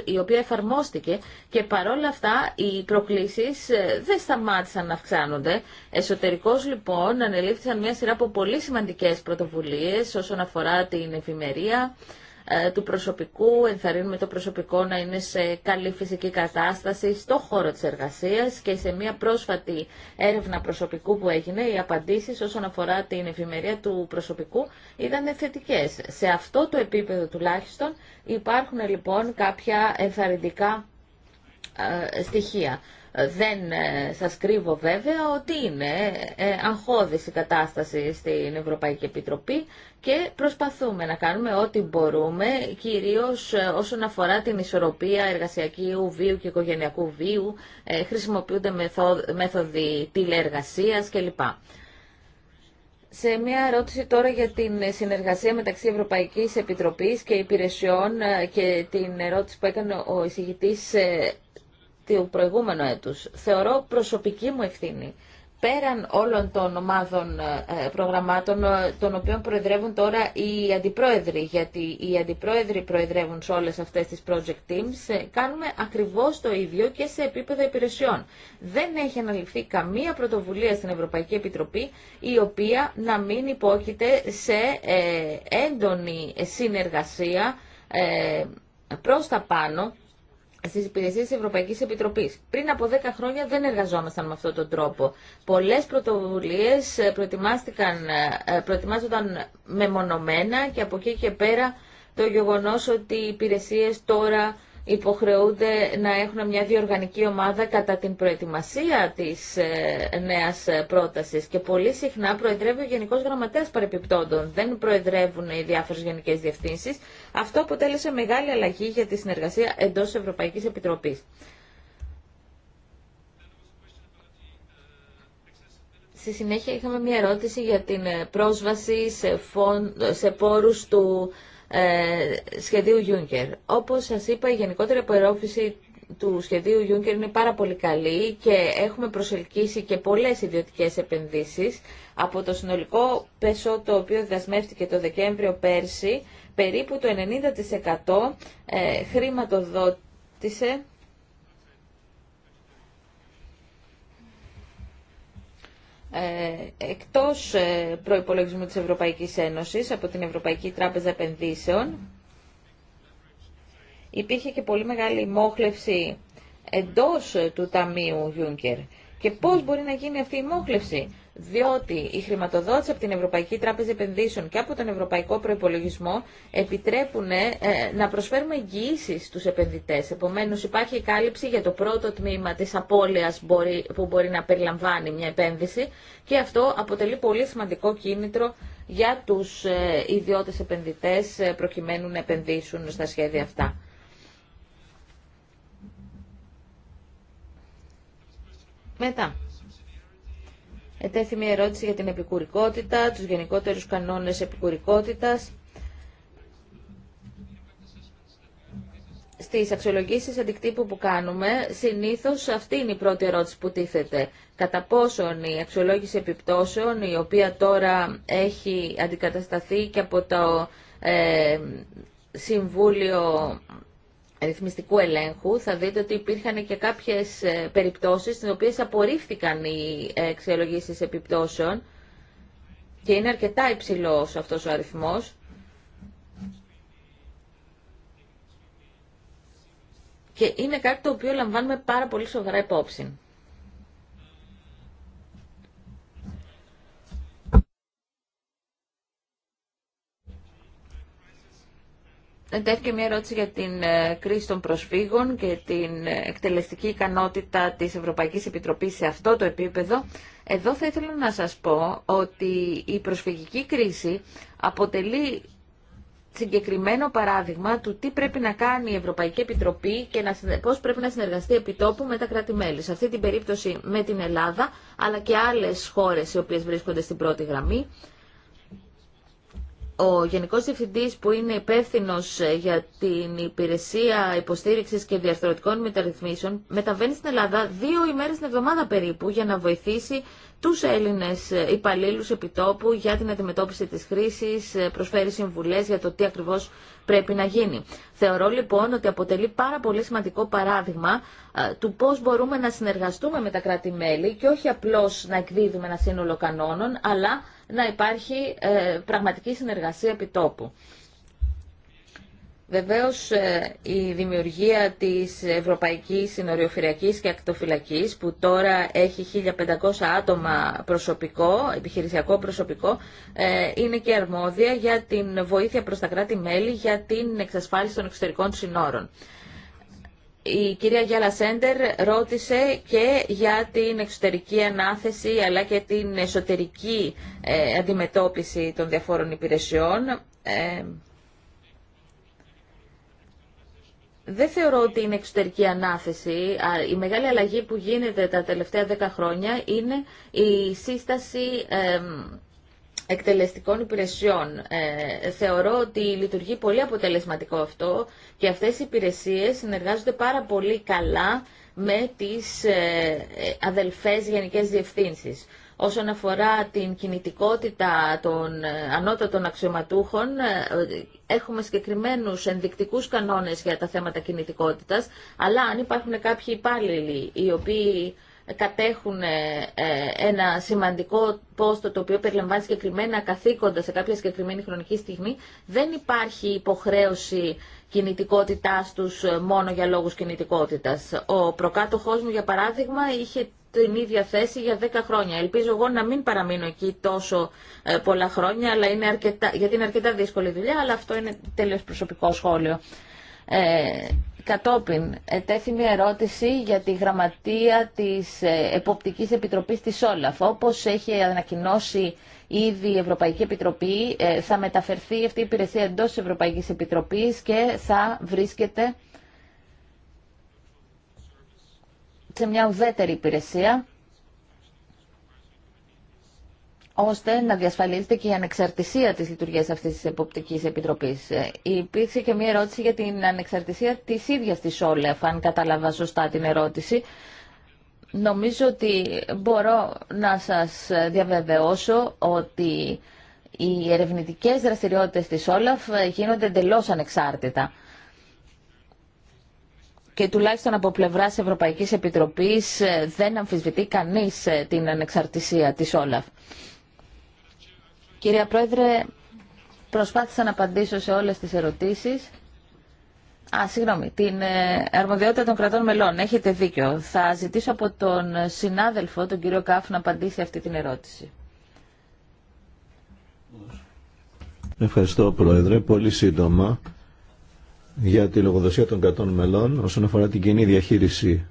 1%, η οποία εφαρμόστηκε και παρόλα αυτά οι προκλήσει ε, δεν σταμάτησαν να αυξάνονται. Εσωτερικώ λοιπόν ανελήφθησαν μία σειρά από πολύ σημαντικέ πρωτοβουλίε όσον αφορά την εφημερία. Ε, του προσωπικού, ενθαρρύνουμε το προσωπικό να είναι σε καλή φυσική κατάσταση στο χώρο της εργασίας και σε μια πρόσφατη έρευνα προσωπικού που έγινε, οι απαντήσεις όσον αφορά την ευημερία του προσωπικού ήταν θετικές. Σε αυτό το επίπεδο τουλάχιστον υπάρχουν λοιπόν κάποια ενθαρρυντικά ε, στοιχεία. Ε, δεν ε, σας κρύβω βέβαια ότι είναι ε, αγχώδης η κατάσταση στην Ευρωπαϊκή Επιτροπή και προσπαθούμε να κάνουμε ό,τι μπορούμε, κυρίως όσον αφορά την ισορροπία εργασιακού βίου και οικογενειακού βίου, χρησιμοποιούνται μέθοδοι τηλεεργασίας κλπ. Σε μια ερώτηση τώρα για την συνεργασία μεταξύ Ευρωπαϊκής Επιτροπής και Υπηρεσιών και την ερώτηση που έκανε ο εισηγητής του προηγούμενου έτους. Θεωρώ προσωπική μου ευθύνη πέραν όλων των ομάδων ε, προγραμμάτων ε, των οποίων προεδρεύουν τώρα οι αντιπρόεδροι γιατί οι αντιπρόεδροι προεδρεύουν σε όλες αυτές τις project teams ε, κάνουμε ακριβώς το ίδιο και σε επίπεδο υπηρεσιών. Δεν έχει αναλυφθεί καμία πρωτοβουλία στην Ευρωπαϊκή Επιτροπή η οποία να μην υπόκειται σε έντονη συνεργασία προς τα πάνω στις υπηρεσίες της Ευρωπαϊκής Επιτροπής. Πριν από 10 χρόνια δεν εργαζόμασταν με αυτόν τον τρόπο. Πολλές πρωτοβουλίες ε, ε, ε, προετοιμάζονταν μεμονωμένα και από εκεί και πέρα το γεγονός ότι οι υπηρεσίες τώρα υποχρεούνται να έχουν μια διοργανική ομάδα κατά την προετοιμασία της νέας πρότασης και πολύ συχνά προεδρεύει ο Γενικός Γραμματέας Παρεπιπτόντων. Δεν προεδρεύουν οι διάφορες γενικές διευθύνσεις, αυτό αποτέλεσε μεγάλη αλλαγή για τη συνεργασία εντός Ευρωπαϊκής Επιτροπής. Στη συνέχεια είχαμε μια ερώτηση για την ε, πρόσβαση σε, φον, σε πόρους του ε, σχεδίου Juncker. Όπως σας είπα, η γενικότερη απορρόφηση του σχεδίου Juncker είναι πάρα πολύ καλή και έχουμε προσελκύσει και πολλές ιδιωτικές επενδύσεις από το συνολικό πεσό το οποίο διδασμεύτηκε το Δεκέμβριο πέρσι περίπου το 90% ε, χρηματοδότησε ε, εκτός ε, προϋπολογισμού της Ευρωπαϊκής Ένωσης από την Ευρωπαϊκή Τράπεζα Επενδύσεων. Υπήρχε και πολύ μεγάλη μόχλευση εντός του Ταμείου Juncker. Και πώς μπορεί να γίνει αυτή η μόχλευση διότι η χρηματοδότηση από την Ευρωπαϊκή Τράπεζα Επενδύσεων και από τον Ευρωπαϊκό Προπολογισμό επιτρέπουν ε, να προσφέρουμε εγγυήσει στους επενδυτές. Επομένω, υπάρχει κάλυψη για το πρώτο τμήμα της απώλειας που μπορεί να περιλαμβάνει μια επένδυση και αυτό αποτελεί πολύ σημαντικό κίνητρο για τους ε, ιδιώτες επενδυτές ε, προκειμένου να επενδύσουν στα σχέδια αυτά. Μετά. Ετέθη μια ερώτηση για την επικουρικότητα, τους γενικότερους κανόνες επικουρικότητας. Στις αξιολογήσεις αντικτύπου που κάνουμε, συνήθως αυτή είναι η πρώτη ερώτηση που τίθεται. Κατά πόσον η αξιολόγηση επιπτώσεων, η οποία τώρα έχει αντικατασταθεί και από το ε, Συμβούλιο ρυθμιστικού ελέγχου θα δείτε ότι υπήρχαν και κάποιες ε, περιπτώσεις στις οποίες απορρίφθηκαν οι ε, αξιολογήσεις επιπτώσεων και είναι αρκετά υψηλός αυτός ο αριθμός. Και είναι κάτι το οποίο λαμβάνουμε πάρα πολύ σοβαρά υπόψη. Εν και μια ερώτηση για την ε, κρίση των προσφύγων και την ε, εκτελεστική ικανότητα της Ευρωπαϊκής Επιτροπής σε αυτό το επίπεδο. Εδώ θα ήθελα να σας πω ότι η προσφυγική κρίση αποτελεί συγκεκριμένο παράδειγμα του τι πρέπει να κάνει η Ευρωπαϊκή Επιτροπή και να, πώς πρέπει να συνεργαστεί επιτόπου με τα κράτη-μέλη. Σε αυτή την περίπτωση με την Ελλάδα, αλλά και άλλες χώρες οι οποίες βρίσκονται στην πρώτη γραμμή. Ο Γενικός Διευθυντής που είναι υπεύθυνο ε, για την υπηρεσία υποστήριξης και διαρθρωτικών μεταρρυθμίσεων μεταβαίνει στην Ελλάδα δύο ημέρες την εβδομάδα περίπου για να βοηθήσει τους Έλληνες ε, υπαλλήλους επιτόπου για την αντιμετώπιση της χρήσης, ε, προσφέρει συμβουλές για το τι ακριβώς πρέπει να γίνει. Θεωρώ λοιπόν ότι αποτελεί πάρα πολύ σημαντικό παράδειγμα του πώς μπορούμε να συνεργαστούμε με τα κράτη-μέλη και όχι απλώς να εκδίδουμε ένα σύνολο κανόνων, αλλά να υπάρχει ε, πραγματική συνεργασία επιτόπου. Βεβαίως ε, η δημιουργία της Ευρωπαϊκής Συνοριοφυλακής και Ακτοφυλακής που τώρα έχει 1500 άτομα προσωπικό, επιχειρησιακό προσωπικό ε, είναι και αρμόδια για την βοήθεια προς τα κράτη-μέλη για την εξασφάλιση των εξωτερικών συνόρων η κυρία Γιάλα Σέντερ ρώτησε και για την εξωτερική ανάθεση αλλά και την εσωτερική ε, αντιμετώπιση των διαφόρων υπηρεσιών. Ε, δεν θεωρώ ότι είναι εξωτερική ανάθεση. Η μεγάλη αλλαγή που γίνεται τα τελευταία δέκα χρόνια είναι η σύσταση εκτελεστικών υπηρεσιών. Ε, θεωρώ ότι λειτουργεί πολύ αποτελεσματικό αυτό και αυτές οι υπηρεσίες συνεργάζονται πάρα πολύ καλά με τις ε, αδελφές γενικές διευθύνσεις. Όσον αφορά την κινητικότητα των ε, ανώτατων αξιωματούχων, ε, έχουμε συγκεκριμένους ενδεικτικούς κανόνες για τα θέματα κινητικότητας, αλλά αν υπάρχουν κάποιοι υπάλληλοι οι οποίοι κατέχουν ε, ε, ένα σημαντικό πόστο το οποίο περιλαμβάνει συγκεκριμένα καθήκοντα σε κάποια συγκεκριμένη χρονική στιγμή, δεν υπάρχει υποχρέωση κινητικότητάς τους ε, μόνο για λόγου κινητικότητας. Ο προκάτοχός μου, για παράδειγμα, είχε την ίδια θέση για 10 χρόνια. Ελπίζω εγώ να μην παραμείνω εκεί τόσο πολλά χρόνια, αλλά είναι γιατί είναι αρκετά δύσκολη δουλειά, αλλά αυτό είναι τελείως προσωπικό σχόλιο. Ε, κατόπιν ετέθη μια ερώτηση για τη γραμματεία της ε, Εποπτικής Επιτροπής της Όλαφ. Όπως έχει ανακοινώσει ήδη η Ευρωπαϊκή Επιτροπή, ε, θα μεταφερθεί αυτή η υπηρεσία εντός της Ευρωπαϊκής Επιτροπής και θα βρίσκεται σε μια ουδέτερη υπηρεσία ώστε να διασφαλίζεται και η ανεξαρτησία της λειτουργίας αυτής της Εποπτικής Επιτροπής. Ε, υπήρξε και μια ερώτηση για την ανεξαρτησία της ίδιας της Όλεφ, αν κατάλαβα σωστά την ερώτηση. Νομίζω ότι μπορώ να σας διαβεβαιώσω ότι οι ερευνητικές δραστηριότητες της Όλαφ γίνονται εντελώ ανεξάρτητα. Και τουλάχιστον από πλευρά Ευρωπαϊκής Επιτροπής ε, δεν αμφισβητεί κανείς ε, την ανεξαρτησία της Όλαφ. Κυρία Πρόεδρε, προσπάθησα να απαντήσω σε όλες τις ερωτήσεις. Α, συγγνώμη, την ε, αρμοδιότητα των κρατών μελών. Έχετε δίκιο. Θα ζητήσω από τον συνάδελφο, τον κύριο Κάφ, να απαντήσει αυτή την ερώτηση. Ευχαριστώ, Πρόεδρε. Πολύ σύντομα για τη λογοδοσία των κρατών μελών όσον αφορά την κοινή διαχείριση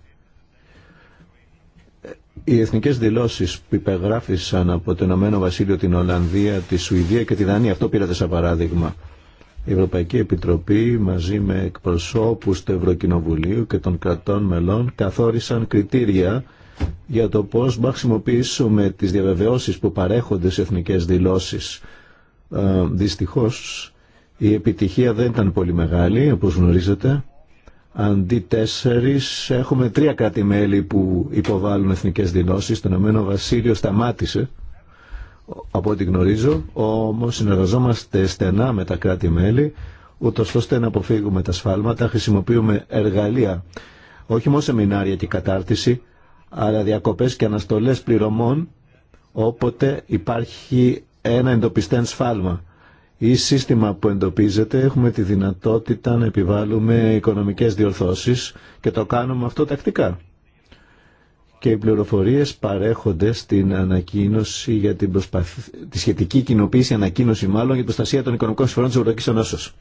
οι εθνικές δηλώσεις που υπεγράφησαν από το Ηνωμένο Βασίλειο, την Ολλανδία, τη Σουηδία και τη Δανία, αυτό πήρατε σαν παράδειγμα. Η Ευρωπαϊκή Επιτροπή μαζί με εκπροσώπους του Ευρωκοινοβουλίου και των κρατών μελών καθόρισαν κριτήρια για το πώς να χρησιμοποιήσουμε τις διαβεβαιώσεις που παρέχονται σε εθνικές δηλώσεις. Ε, Δυστυχώ, η επιτυχία δεν ήταν πολύ μεγάλη, όπω γνωρίζετε. Αντί τέσσερις έχουμε τρία κράτη-μέλη που υποβάλλουν εθνικές δηλώσεις. Το Ηνωμένο Βασίλειο σταμάτησε από ό,τι γνωρίζω, όμως συνεργαζόμαστε στενά με τα κράτη-μέλη, ούτως ώστε να αποφύγουμε τα σφάλματα, χρησιμοποιούμε εργαλεία, όχι μόνο σεμινάρια και κατάρτιση, αλλά διακοπές και αναστολές πληρωμών, όποτε υπάρχει ένα εντοπιστέν σφάλμα ή σύστημα που εντοπίζεται έχουμε τη δυνατότητα να επιβάλλουμε οικονομικές διορθώσεις και το κάνουμε αυτό τακτικά. Και οι πληροφορίες παρέχονται στην ανακοίνωση για την τη σχετική κοινοποίηση, ανακοίνωση μάλλον για την προστασία των οικονομικών συμφωνών της Ευρωπαϊκής Ενώσεως.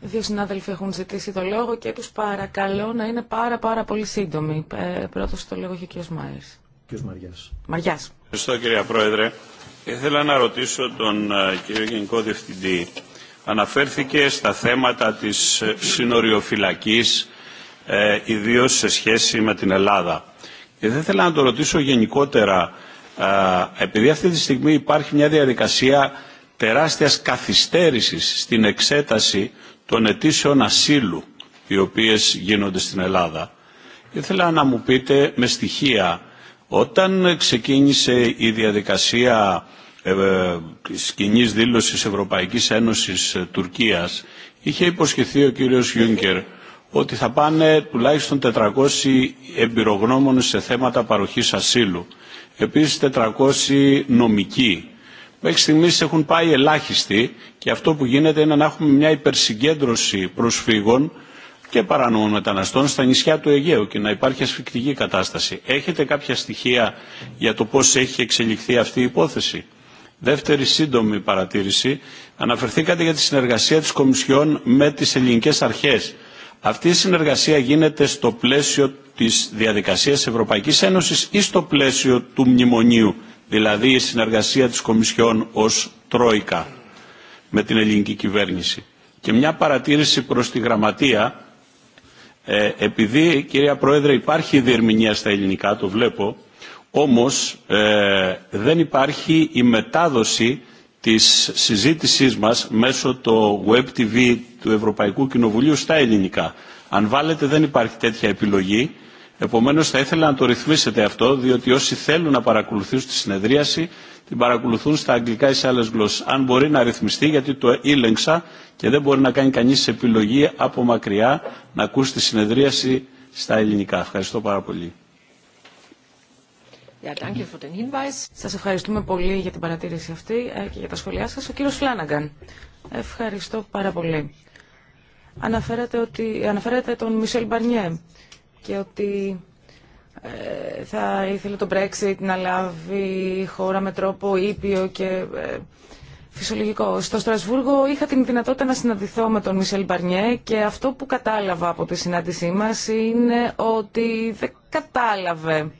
Δύο συνάδελφοι έχουν ζητήσει το λόγο και τους παρακαλώ να είναι πάρα πάρα πολύ σύντομοι. Ε, πρώτος το λόγο έχει ο κ. Μάιρς. Μαριάς. Ευχαριστώ κύριε Πρόεδρε. Ήθελα να ρωτήσω τον ε, κύριο Γενικό Διευθυντή. Αναφέρθηκε στα θέματα της ε, συνοριοφυλακής, ε, ιδίως σε σχέση με την Ελλάδα. Και θα ήθελα να το ρωτήσω γενικότερα, ε, επειδή αυτή τη στιγμή υπάρχει μια διαδικασία τεράστιας καθυστέρησης στην εξέταση των αιτήσεων ασύλου, οι οποίες γίνονται στην Ελλάδα. Ήθελα να μου πείτε με στοιχεία όταν ξεκίνησε η διαδικασία της ε, κοινή δήλωσης Ευρωπαϊκής Ένωσης ε, Τουρκίας είχε υποσχεθεί ο κύριος Γιούνκερ ότι θα πάνε τουλάχιστον 400 εμπειρογνώμονες σε θέματα παροχής ασύλου. Επίσης 400 νομικοί. Μέχρι στιγμής έχουν πάει ελάχιστοι και αυτό που γίνεται είναι να έχουμε μια υπερσυγκέντρωση προσφύγων και παρανόμων μεταναστών στα νησιά του Αιγαίου και να υπάρχει ασφικτική κατάσταση. Έχετε κάποια στοιχεία για το πώς έχει εξελιχθεί αυτή η υπόθεση. Δεύτερη σύντομη παρατήρηση. Αναφερθήκατε για τη συνεργασία της Κομισιόν με τις ελληνικές αρχές. Αυτή η συνεργασία γίνεται στο πλαίσιο της διαδικασίας Ευρωπαϊκής Ένωσης ή στο πλαίσιο του μνημονίου, δηλαδή η συνεργασία της Κομισιόν ως Τρόικα με την ελληνική κυβέρνηση. Και μια παρατήρηση προς τη Γραμματεία ε, επειδή, κυρία Πρόεδρε, υπάρχει διερμηνία στα ελληνικά, το βλέπω, όμως ε, δεν υπάρχει η μετάδοση της συζήτησής μας μέσω το Web TV του Ευρωπαϊκού Κοινοβουλίου στα ελληνικά. Αν βάλετε δεν υπάρχει τέτοια επιλογή. Επομένως θα ήθελα να το ρυθμίσετε αυτό, διότι όσοι θέλουν να παρακολουθήσουν τη συνεδρίαση την παρακολουθούν στα αγγλικά ή σε άλλες γλώσσες. Αν μπορεί να ρυθμιστεί, γιατί το ήλεγξα και δεν μπορεί να κάνει κανείς επιλογή από μακριά να ακούσει τη συνεδρίαση στα ελληνικά. Ευχαριστώ πάρα πολύ. Σας ευχαριστούμε πολύ για την παρατήρηση αυτή ε, και για τα σχόλιά σας. Ο κύριος Φλάναγκαν. Ευχαριστώ πάρα πολύ. Αναφέρατε, ότι, τον Μισελ Μπαρνιέ και ότι ε, θα ήθελε το Brexit να λάβει χώρα με τρόπο ήπιο και ε, φυσιολογικό. Στο Στρασβούργο είχα την δυνατότητα να συναντηθώ με τον Μισελ Μπαρνιέ και αυτό που κατάλαβα από τη συνάντησή μας είναι ότι δεν κατάλαβε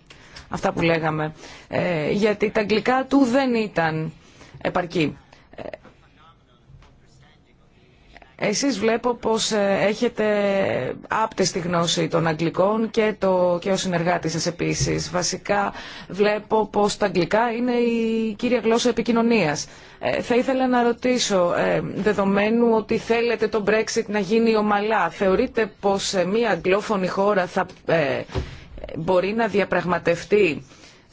αυτά που λέγαμε, ε, γιατί τα αγγλικά του δεν ήταν επαρκή. Εσείς βλέπω πως ε, έχετε άπτεστη γνώση των αγγλικών και, το, και ο συνεργάτης σας επίσης. Βασικά βλέπω πως τα αγγλικά είναι η κύρια γλώσσα επικοινωνίας. Ε, θα ήθελα να ρωτήσω, ε, δεδομένου ότι θέλετε το Brexit να γίνει ομαλά, θεωρείτε πως μια αγγλόφωνη χώρα θα μπορεί να διαπραγματευτεί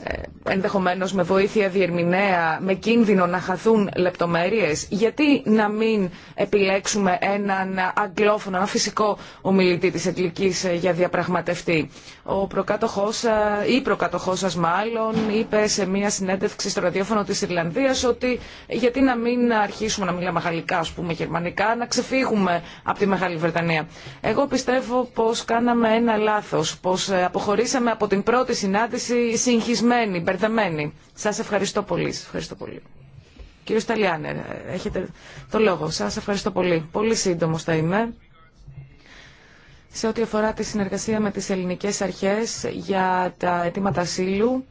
ε, ενδεχομένως με βοήθεια διερμηνέα, με κίνδυνο να χαθούν λεπτομέρειες. Γιατί να μην επιλέξουμε έναν αγγλόφωνο, ένα φυσικό ομιλητή της εγγλικής ε, για διαπραγματευτή ο προκάτοχός, ε, ή προκατοχός σας μάλλον είπε σε μια συνέντευξη στο ραδιόφωνο της Ιρλανδίας ότι γιατί να μην αρχίσουμε να μιλάμε γαλλικά ας πούμε γερμανικά, να ξεφύγουμε από τη Μεγάλη Βρετανία. Εγώ πιστεύω πως κάναμε ένα λάθος, πως ε, αποχωρήσαμε από την πρώτη συνάντηση συγχυσμένοι, μπερδεμένοι. Σας ευχαριστώ πολύ. Σας ευχαριστώ Σταλιάνερ, έχετε το λόγο. Σας ευχαριστώ πολύ. Πολύ σύντομο θα είμαι σε ό,τι αφορά τη συνεργασία με τις ελληνικές αρχές για τα αιτήματα ασύλου.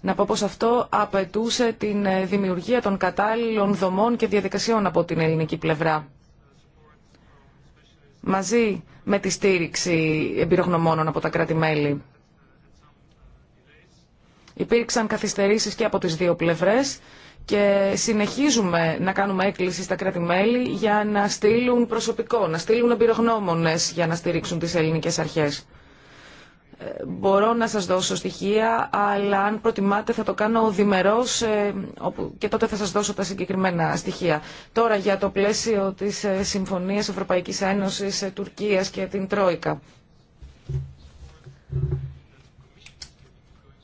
Να πω πως αυτό απαιτούσε την δημιουργία των κατάλληλων δομών και διαδικασιών από την ελληνική πλευρά. Μαζί με τη στήριξη εμπειρογνωμόνων από τα κράτη-μέλη. Υπήρξαν καθυστερήσει και από τις δύο πλευρές και συνεχίζουμε να κάνουμε έκκληση στα κράτη-μέλη για να στείλουν προσωπικό, να στείλουν εμπειρογνώμονε για να στηρίξουν τις ελληνικές αρχές. Ε, μπορώ να σας δώσω στοιχεία, αλλά αν προτιμάτε θα το κάνω διμερός ε, και τότε θα σας δώσω τα συγκεκριμένα στοιχεία. Τώρα για το πλαίσιο της ε, Συμφωνίας Ευρωπαϊκής Ένωσης Τουρκίας και την Τρόικα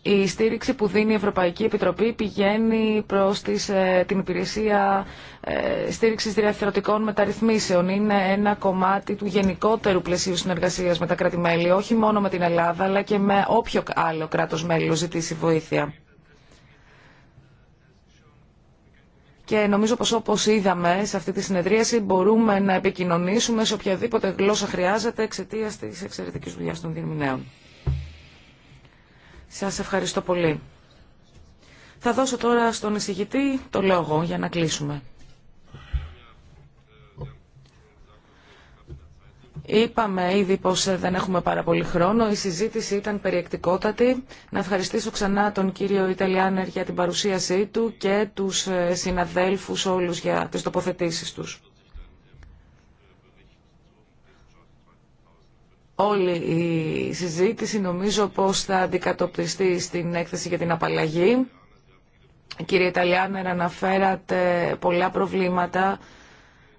η στήριξη που δίνει η Ευρωπαϊκή Επιτροπή πηγαίνει προς τις, ε, την υπηρεσία ε, στήριξης διαθερωτικών μεταρρυθμίσεων. Είναι ένα κομμάτι του γενικότερου πλαισίου συνεργασίας με τα κράτη-μέλη, όχι μόνο με την Ελλάδα, αλλά και με όποιο άλλο κράτος μέλο ζητήσει βοήθεια. Και νομίζω πως όπως είδαμε σε αυτή τη συνεδρίαση μπορούμε να επικοινωνήσουμε σε οποιαδήποτε γλώσσα χρειάζεται εξαιτία της εξαιρετικής δουλειάς των διερμηνέων. Σας ευχαριστώ πολύ. Θα δώσω τώρα στον εισηγητή το λόγο για να κλείσουμε. Είπαμε ήδη πως δεν έχουμε πάρα πολύ χρόνο. Η συζήτηση ήταν περιεκτικότατη. Να ευχαριστήσω ξανά τον κύριο Ιταλιάνερ για την παρουσίασή του και τους συναδέλφους όλους για τις τοποθετήσεις τους. όλη η συζήτηση νομίζω πως θα αντικατοπτριστεί στην έκθεση για την απαλλαγή. Κύριε Ιταλιάνερ, αναφέρατε πολλά προβλήματα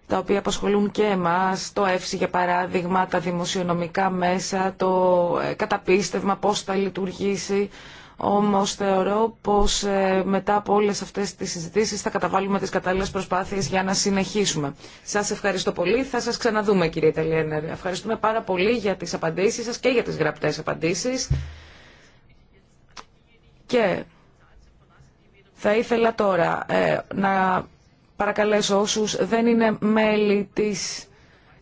τα οποία απασχολούν και εμάς, το ΕΦΣΙ για παράδειγμα, τα δημοσιονομικά μέσα, το ε, καταπίστευμα, πώς θα λειτουργήσει. Όμως θεωρώ πως ε, μετά από όλες αυτές τις συζητήσεις θα καταβάλουμε τις κατάλληλες προσπάθειες για να συνεχίσουμε. Σας ευχαριστώ πολύ. Θα σας ξαναδούμε κύριε Ιταλιένερ. Ευχαριστούμε πάρα πολύ για τις απαντήσεις σας και για τις γραπτές απαντήσεις. Και θα ήθελα τώρα ε, να παρακαλέσω όσους δεν είναι μέλη της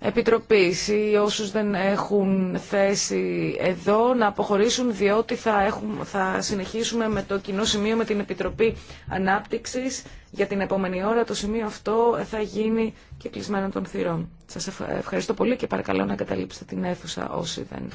Επιτροπής ή όσους δεν έχουν θέση εδώ να αποχωρήσουν διότι θα, θα συνεχίσουμε με το κοινό σημείο με την Επιτροπή Ανάπτυξης. Για την επόμενη ώρα το σημείο αυτό θα γίνει και κλεισμένο των θυρών. Σας ευχαριστώ πολύ και παρακαλώ να καταλήψετε την αίθουσα όσοι δεν...